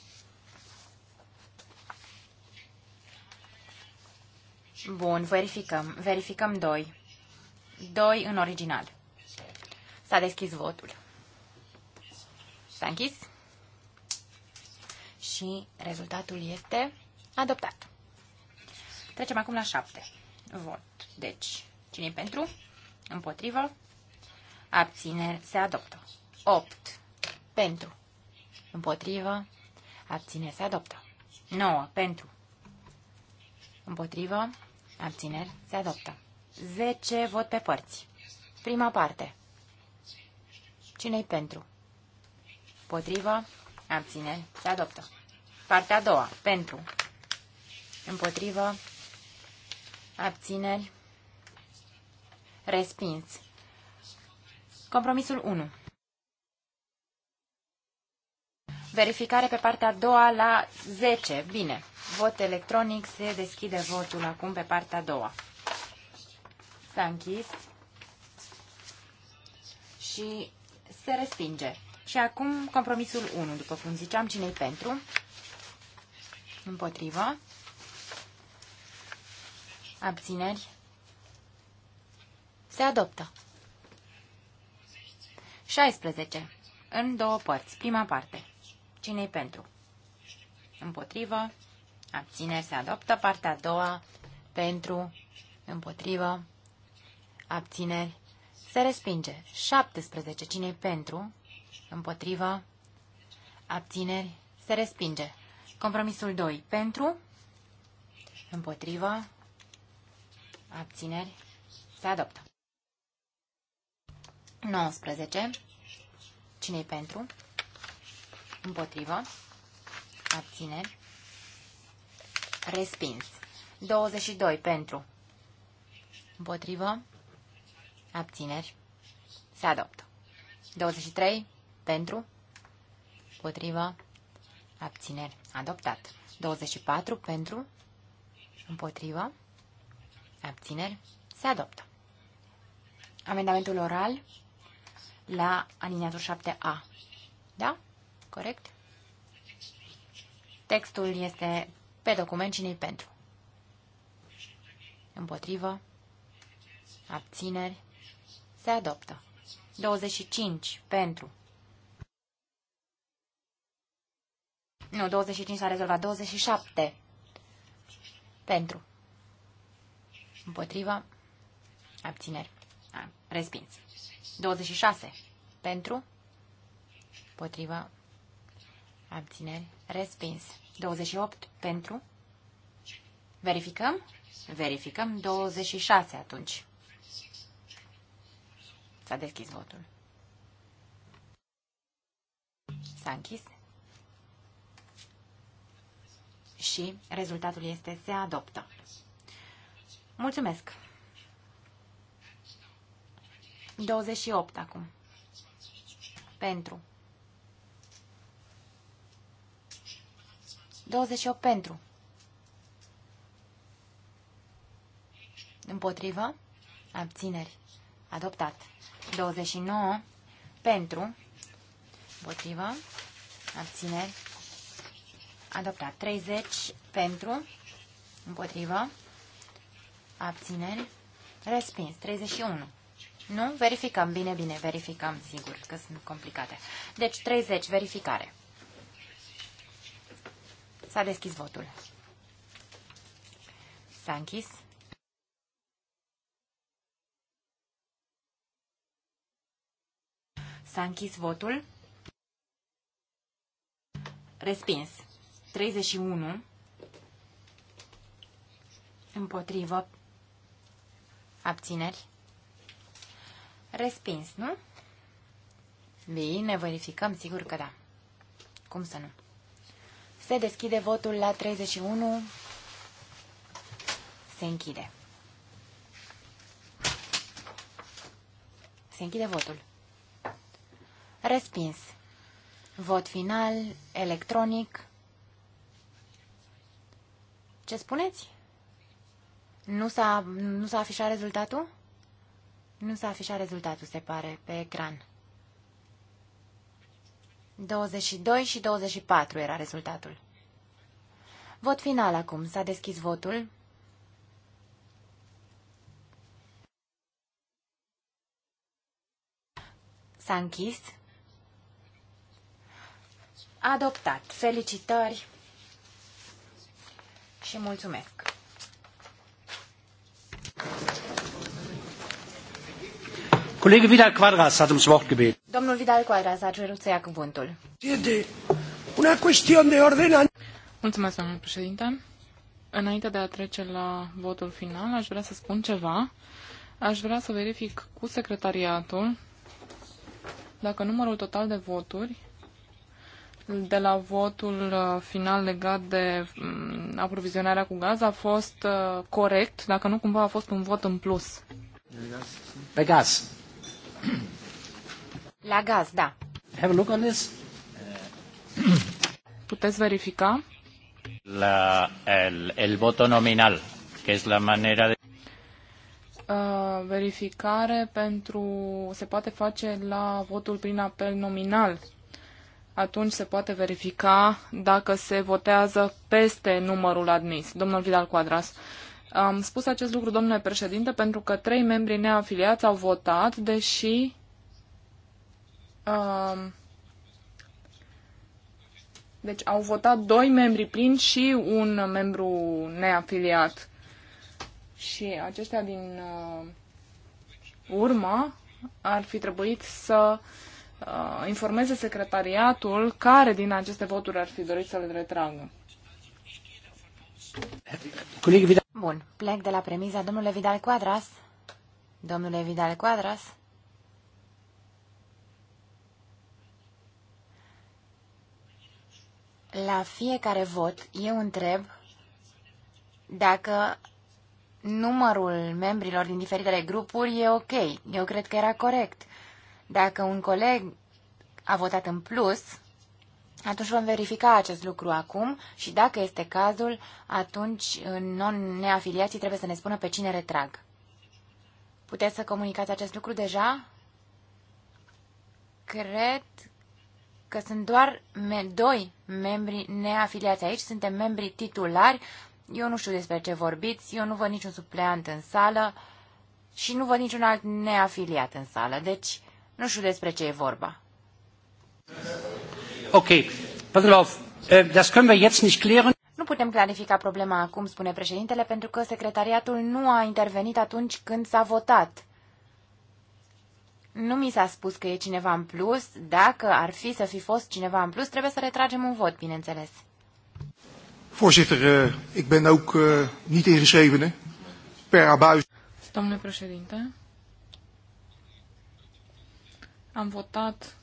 Bun, verificăm. Verificăm 2. 2 în original. S-a deschis votul. S-a închis. Și rezultatul este adoptat. Trecem acum la 7. Vot. Deci, cine e pentru? Împotrivă. Abțineri. Se adoptă. 8. Pentru. Împotrivă. Abțineri. Se adoptă. 9. Pentru. Împotrivă. Abțineri. Se adoptă. 10. Vot pe părți. Prima parte. Cine-i pentru? Împotrivă. Abțineri. Se adoptă. Partea a doua. Pentru. Împotrivă. Abțineri. Respins. Compromisul 1. Verificare pe partea a doua la 10. Bine. Vot electronic. Se deschide votul acum pe partea a doua. S-a închis. Și se respinge. Și acum compromisul 1, după cum ziceam, cine pentru? Împotrivă. Abțineri. Se adoptă. 16. În două părți. Prima parte. Cine-i pentru? Împotrivă. Abțineri se adoptă. Partea a doua. Pentru. Împotrivă. Abțineri. Se respinge. 17. Cine-i pentru? Împotrivă. Abțineri. Se respinge. Compromisul 2. Pentru. Împotrivă. Abțineri. Se adoptă. 19. cine e pentru? Împotrivă. Abține. Respins. 22. Pentru. Împotrivă. Abțineri. Se adoptă. 23. Pentru. Împotrivă. Abțineri. Adoptat. 24. Pentru. Împotrivă. Abțineri. Se adoptă. Amendamentul oral la aliniatul 7A. Da? Corect? Textul este pe document cine pentru. Împotrivă. Abțineri. Se adoptă. 25 pentru. Nu, 25 s-a rezolvat. 27 pentru. Împotrivă. Abțineri. A, respins. 26. Pentru, potrivă, abțineri, respins. 28. Pentru, verificăm, verificăm 26 atunci. S-a deschis votul. S-a închis. Și rezultatul este se adoptă. Mulțumesc! 28 acum. Pentru. 28 pentru. Împotrivă. Abțineri. Adoptat. 29 pentru. Împotrivă. Abțineri. Adoptat. 30 pentru. Împotrivă. Abțineri. Respins. 31 nu? Verificăm. Bine, bine, verificăm, sigur, că sunt complicate. Deci, 30, verificare. S-a deschis votul. S-a închis. S-a închis votul. Respins. 31. Împotrivă. Abțineri. Respins, nu? Bine, verificăm, sigur că da. Cum să nu? Se deschide votul la 31. Se închide. Se închide votul. Respins. Vot final, electronic. Ce spuneți? Nu s-a, nu s-a afișat rezultatul? Nu s-a afișat rezultatul, se pare, pe ecran. 22 și 24 era rezultatul. Vot final acum. S-a deschis votul. S-a închis. Adoptat. Felicitări și mulțumesc! Colegul Vidal Quadras a ums Wort gebeten. Domnul Vidal Quadras a cerut să ia cuvântul. Este una cuestión de orden. Mulțumesc, domnul președinte. Înainte de a trece la votul final, aș vrea să spun ceva. Aș vrea să verific cu secretariatul dacă numărul total de voturi de la votul uh, final legat de mm, aprovizionarea cu gaz a fost uh, corect, dacă nu cumva a fost un vot în plus. Pe gaz. La gaz, da. Have a look on this. Puteți verifica? La, el, el voto nominal, care este la manera de... Uh, verificare pentru se poate face la votul prin apel nominal. Atunci se poate verifica dacă se votează peste numărul admis. Domnul Vidal Quadras. Uh, am spus acest lucru, domnule președinte, pentru că trei membri neafiliați au votat, deși um, deci au votat doi membri plini și un membru neafiliat. Și aceștia din uh, urmă ar fi trebuit să uh, informeze secretariatul care din aceste voturi ar fi dorit să le retragă. Bun, plec de la premiza domnule Vidal Quadras. Domnule Vidal Quadras. La fiecare vot eu întreb dacă numărul membrilor din diferitele grupuri e ok. Eu cred că era corect. Dacă un coleg a votat în plus, atunci vom verifica acest lucru acum și dacă este cazul, atunci non-neafiliații trebuie să ne spună pe cine retrag. Puteți să comunicați acest lucru deja? Cred că sunt doar me- doi membri neafiliați aici, suntem membri titulari. Eu nu știu despre ce vorbiți, eu nu văd niciun supleant în sală și nu văd niciun alt neafiliat în sală, deci nu știu despre ce e vorba. Äh, nu putem clarifica problema acum, spune președintele, pentru că secretariatul nu a intervenit atunci când s-a votat. Nu mi s-a spus că e cineva în plus. Dacă ar fi să fi fost cineva în plus, trebuie să retragem un vot, bineînțeles. Voorzitter, eh, ik ben ook eh, niet ingeschreven per abuis. Domnule președinte, am votat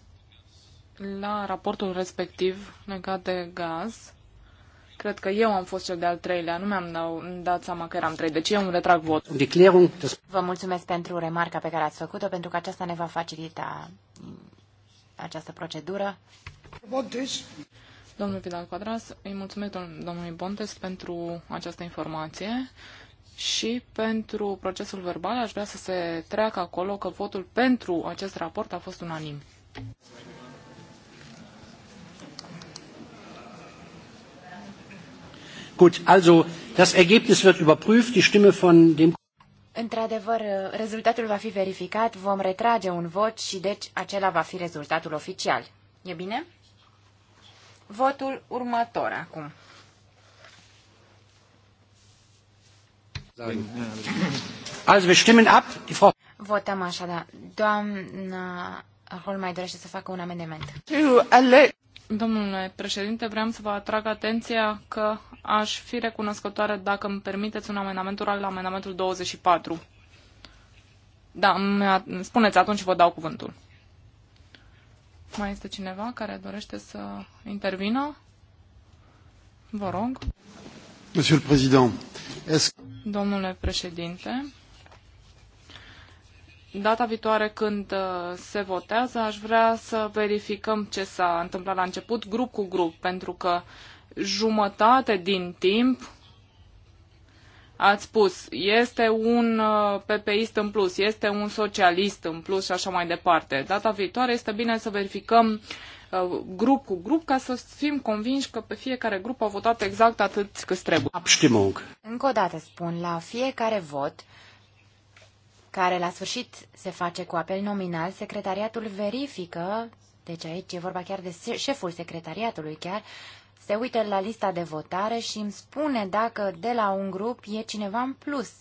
la raportul respectiv legat de gaz. Cred că eu am fost cel de-al treilea, nu mi-am dat seama că eram trei, deci eu îmi retrag votul. Vă mulțumesc pentru remarca pe care ați făcut-o, pentru că aceasta ne va facilita această procedură. Bontes. Domnul Vidal Quadras, îi mulțumesc domnului Bontes pentru această informație și pentru procesul verbal aș vrea să se treacă acolo că votul pentru acest raport a fost unanim. Gut, also das Ergebnis wird überprüft. Die Stimme von dem Într-adevăr, rezultatul va fi verificat, vom retrage un vot și deci acela va fi rezultatul oficial. E bine? Votul următor acum. Also, wir stimmen ab. Die Frau... Votăm așa, da. Doamna Hol mai dorește să facă un amendament. Domnule președinte, vreau să vă atrag atenția că aș fi recunoscătoare dacă îmi permiteți un amendament oral la amendamentul 24. Da, îmi spuneți atunci vă dau cuvântul. Mai este cineva care dorește să intervină? Vă rog. Domnule președinte, data viitoare când uh, se votează, aș vrea să verificăm ce s-a întâmplat la început, grup cu grup, pentru că jumătate din timp ați spus, este un uh, PPIst în plus, este un socialist în plus și așa mai departe. Data viitoare este bine să verificăm uh, grup cu grup ca să fim convinși că pe fiecare grup a votat exact atât cât trebuie. Încă o dată spun, la fiecare vot care la sfârșit se face cu apel nominal, secretariatul verifică, deci aici e vorba chiar de șeful secretariatului chiar, se uită la lista de votare și îmi spune dacă de la un grup e cineva în plus.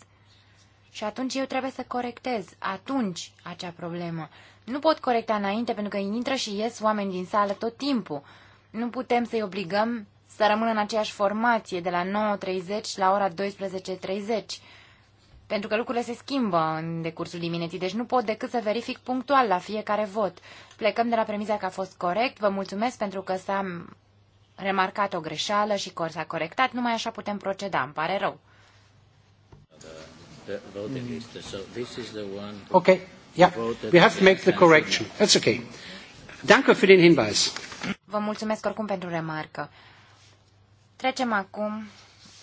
Și atunci eu trebuie să corectez atunci acea problemă. Nu pot corecta înainte pentru că intră și ies oameni din sală tot timpul. Nu putem să-i obligăm să rămână în aceeași formație de la 9.30 la ora 12.30 pentru că lucrurile se schimbă în decursul dimineții, deci nu pot decât să verific punctual la fiecare vot. Plecăm de la premiza că a fost corect, vă mulțumesc pentru că s-a remarcat o greșeală și că s-a corectat, numai așa putem proceda, îmi pare rău. Hmm. Ok, yeah, we have to make the correction. That's ok. Danke für den Hinweis. Vă mulțumesc oricum pentru remarcă. Trecem acum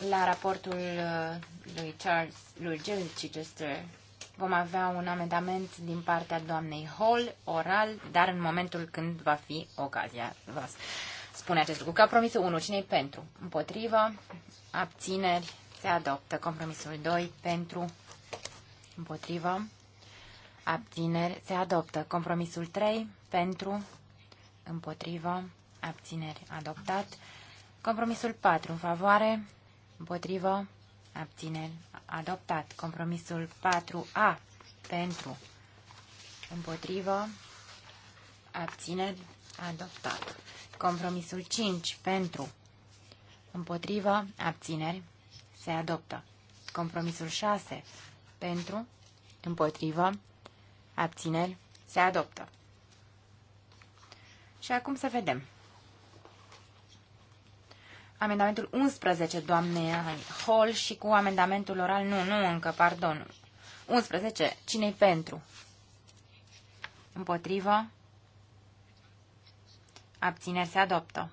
la raportul uh, lui Charles, lui Gilles Chichester, vom avea un amendament din partea doamnei Hall, oral, dar în momentul când va fi ocazia, vă spune acest lucru. Compromisul 1, cine pentru? Împotrivă, abțineri, se adoptă. Compromisul 2, pentru, împotrivă, abțineri, se adoptă. Compromisul 3, pentru, împotrivă, abțineri, adoptat. Compromisul 4, în favoare, Împotrivă. Abțineri. Adoptat. Compromisul 4A. Pentru. Împotrivă. Abțineri. Adoptat. Compromisul 5. Pentru. Împotrivă. Abțineri. Se adoptă. Compromisul 6. Pentru. Împotrivă. Abțineri. Se adoptă. Și acum să vedem amendamentul 11, doamne Hall, și cu amendamentul oral, nu, nu încă, pardon. 11. Cine-i pentru? Împotrivă? Abțineri se adoptă.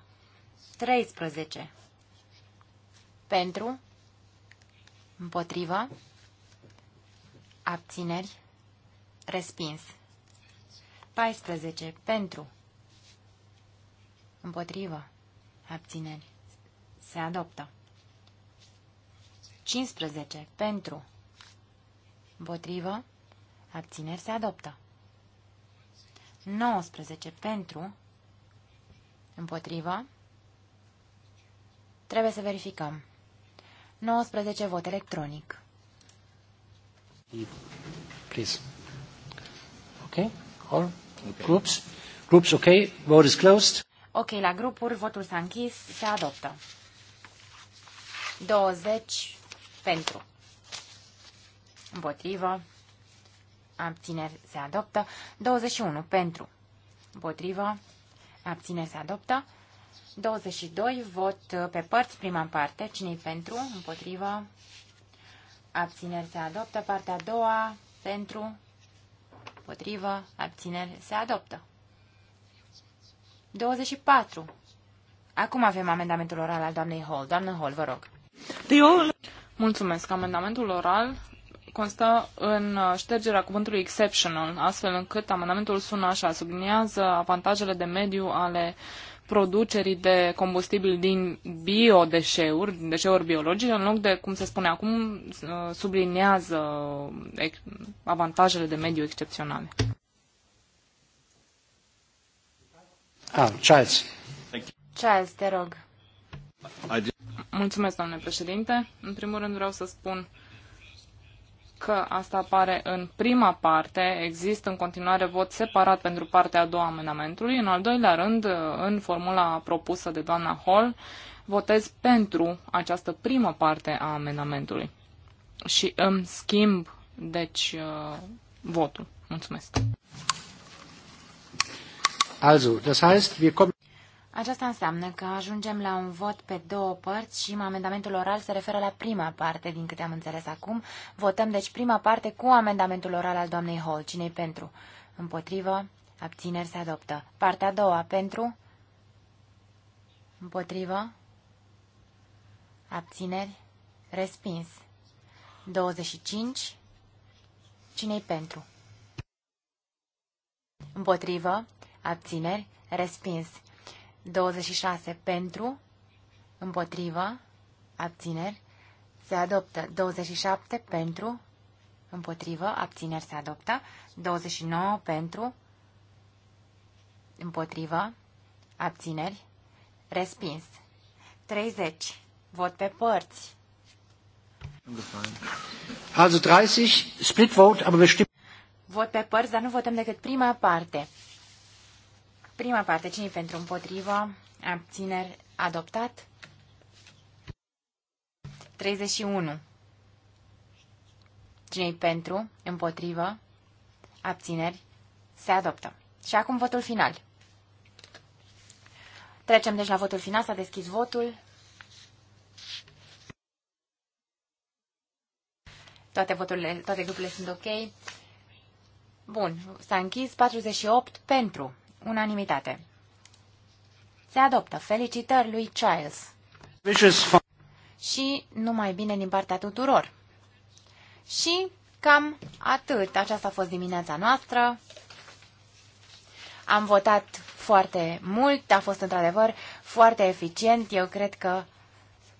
13. Pentru? Împotrivă? Abțineri? Respins. 14. Pentru? Împotrivă? Abțineri. Se adoptă. 15. Pentru. Împotrivă. Abțineri. Se adoptă. 19. Pentru. Împotrivă. Trebuie să verificăm. 19. Vot electronic. Please. Okay? All okay. groups? Groups okay? Vote is closed. Ok, la grupuri, votul s-a închis, se adoptă. 20 pentru. Împotrivă. Abțineri se adoptă. 21 pentru. Împotrivă. Abțineri se adoptă. 22 vot pe părți, prima parte. Cine-i pentru? Împotrivă. Abțineri se adoptă. Partea a doua pentru. Împotrivă. Abțineri se adoptă. 24. Acum avem amendamentul oral al doamnei Hall. Doamnă Hall, vă rog. Mulțumesc. Amendamentul oral constă în uh, ștergerea cuvântului exceptional, astfel încât amendamentul sună așa, subliniază avantajele de mediu ale producerii de combustibil din biodeșeuri, deșeuri biologice, în loc de, cum se spune acum, uh, subliniază uh, avantajele de mediu excepționale. Ah, Charles. Charles, te rog. Mulțumesc, domnule președinte. În primul rând vreau să spun că asta apare în prima parte, există în continuare vot separat pentru partea a doua a amendamentului. În al doilea rând, în formula propusă de doamna Hall, votez pentru această primă parte a amendamentului și îmi schimb, deci, uh, votul. Mulțumesc. Also, das heißt, wir kommen... Aceasta înseamnă că ajungem la un vot pe două părți și amendamentul oral se referă la prima parte, din câte am înțeles acum. Votăm deci prima parte cu amendamentul oral al doamnei Hall. cine pentru? Împotrivă? Abțineri se adoptă. Partea a doua pentru? Împotrivă? Abțineri? Respins. 25. cine pentru? Împotrivă? Abțineri? Respins. 26 pentru, împotrivă, abțineri, se adoptă. 27 pentru, împotrivă, abțineri se adoptă. 29 pentru, împotrivă, abțineri, respins. 30, vot pe părți. Also 30, split vote, aber Vot pe părți, dar nu votăm decât prima parte. Prima parte, cine pentru împotrivă, abțineri, adoptat. 31. cine pentru, împotrivă, abțineri, se adoptă. Și acum votul final. Trecem deci la votul final, s-a deschis votul. Toate voturile, toate grupurile sunt ok. Bun, s-a închis 48 pentru. Unanimitate. Se adoptă. Felicitări lui Charles. Și numai bine din partea tuturor. Și cam atât. Aceasta a fost dimineața noastră. Am votat foarte mult, a fost într-adevăr foarte eficient. Eu cred că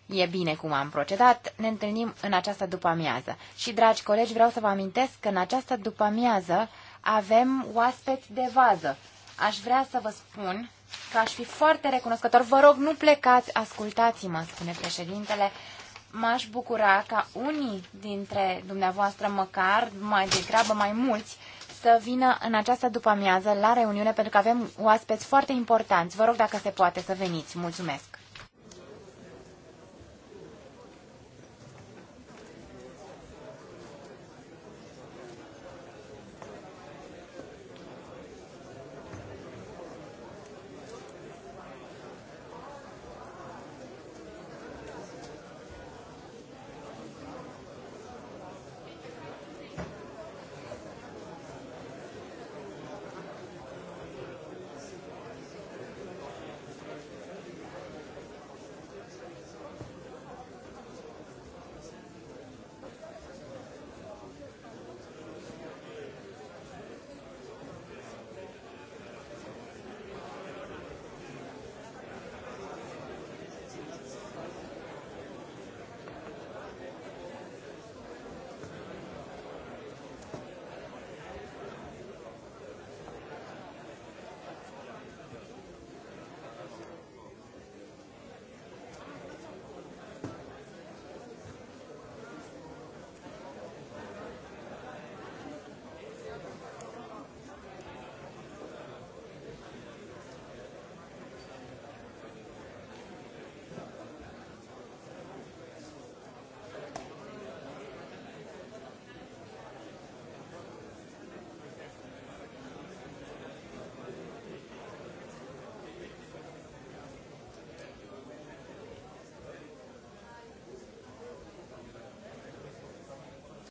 e bine cum am procedat. Ne întâlnim în această după-amiază. Și, dragi colegi, vreau să vă amintesc că în această după-amiază avem oaspeți de vază aș vrea să vă spun că aș fi foarte recunoscător. Vă rog, nu plecați, ascultați-mă, spune președintele. M-aș bucura ca unii dintre dumneavoastră, măcar mai degrabă mai mulți, să vină în această după-amiază la reuniune, pentru că avem oaspeți foarte importanți. Vă rog, dacă se poate, să veniți. Mulțumesc!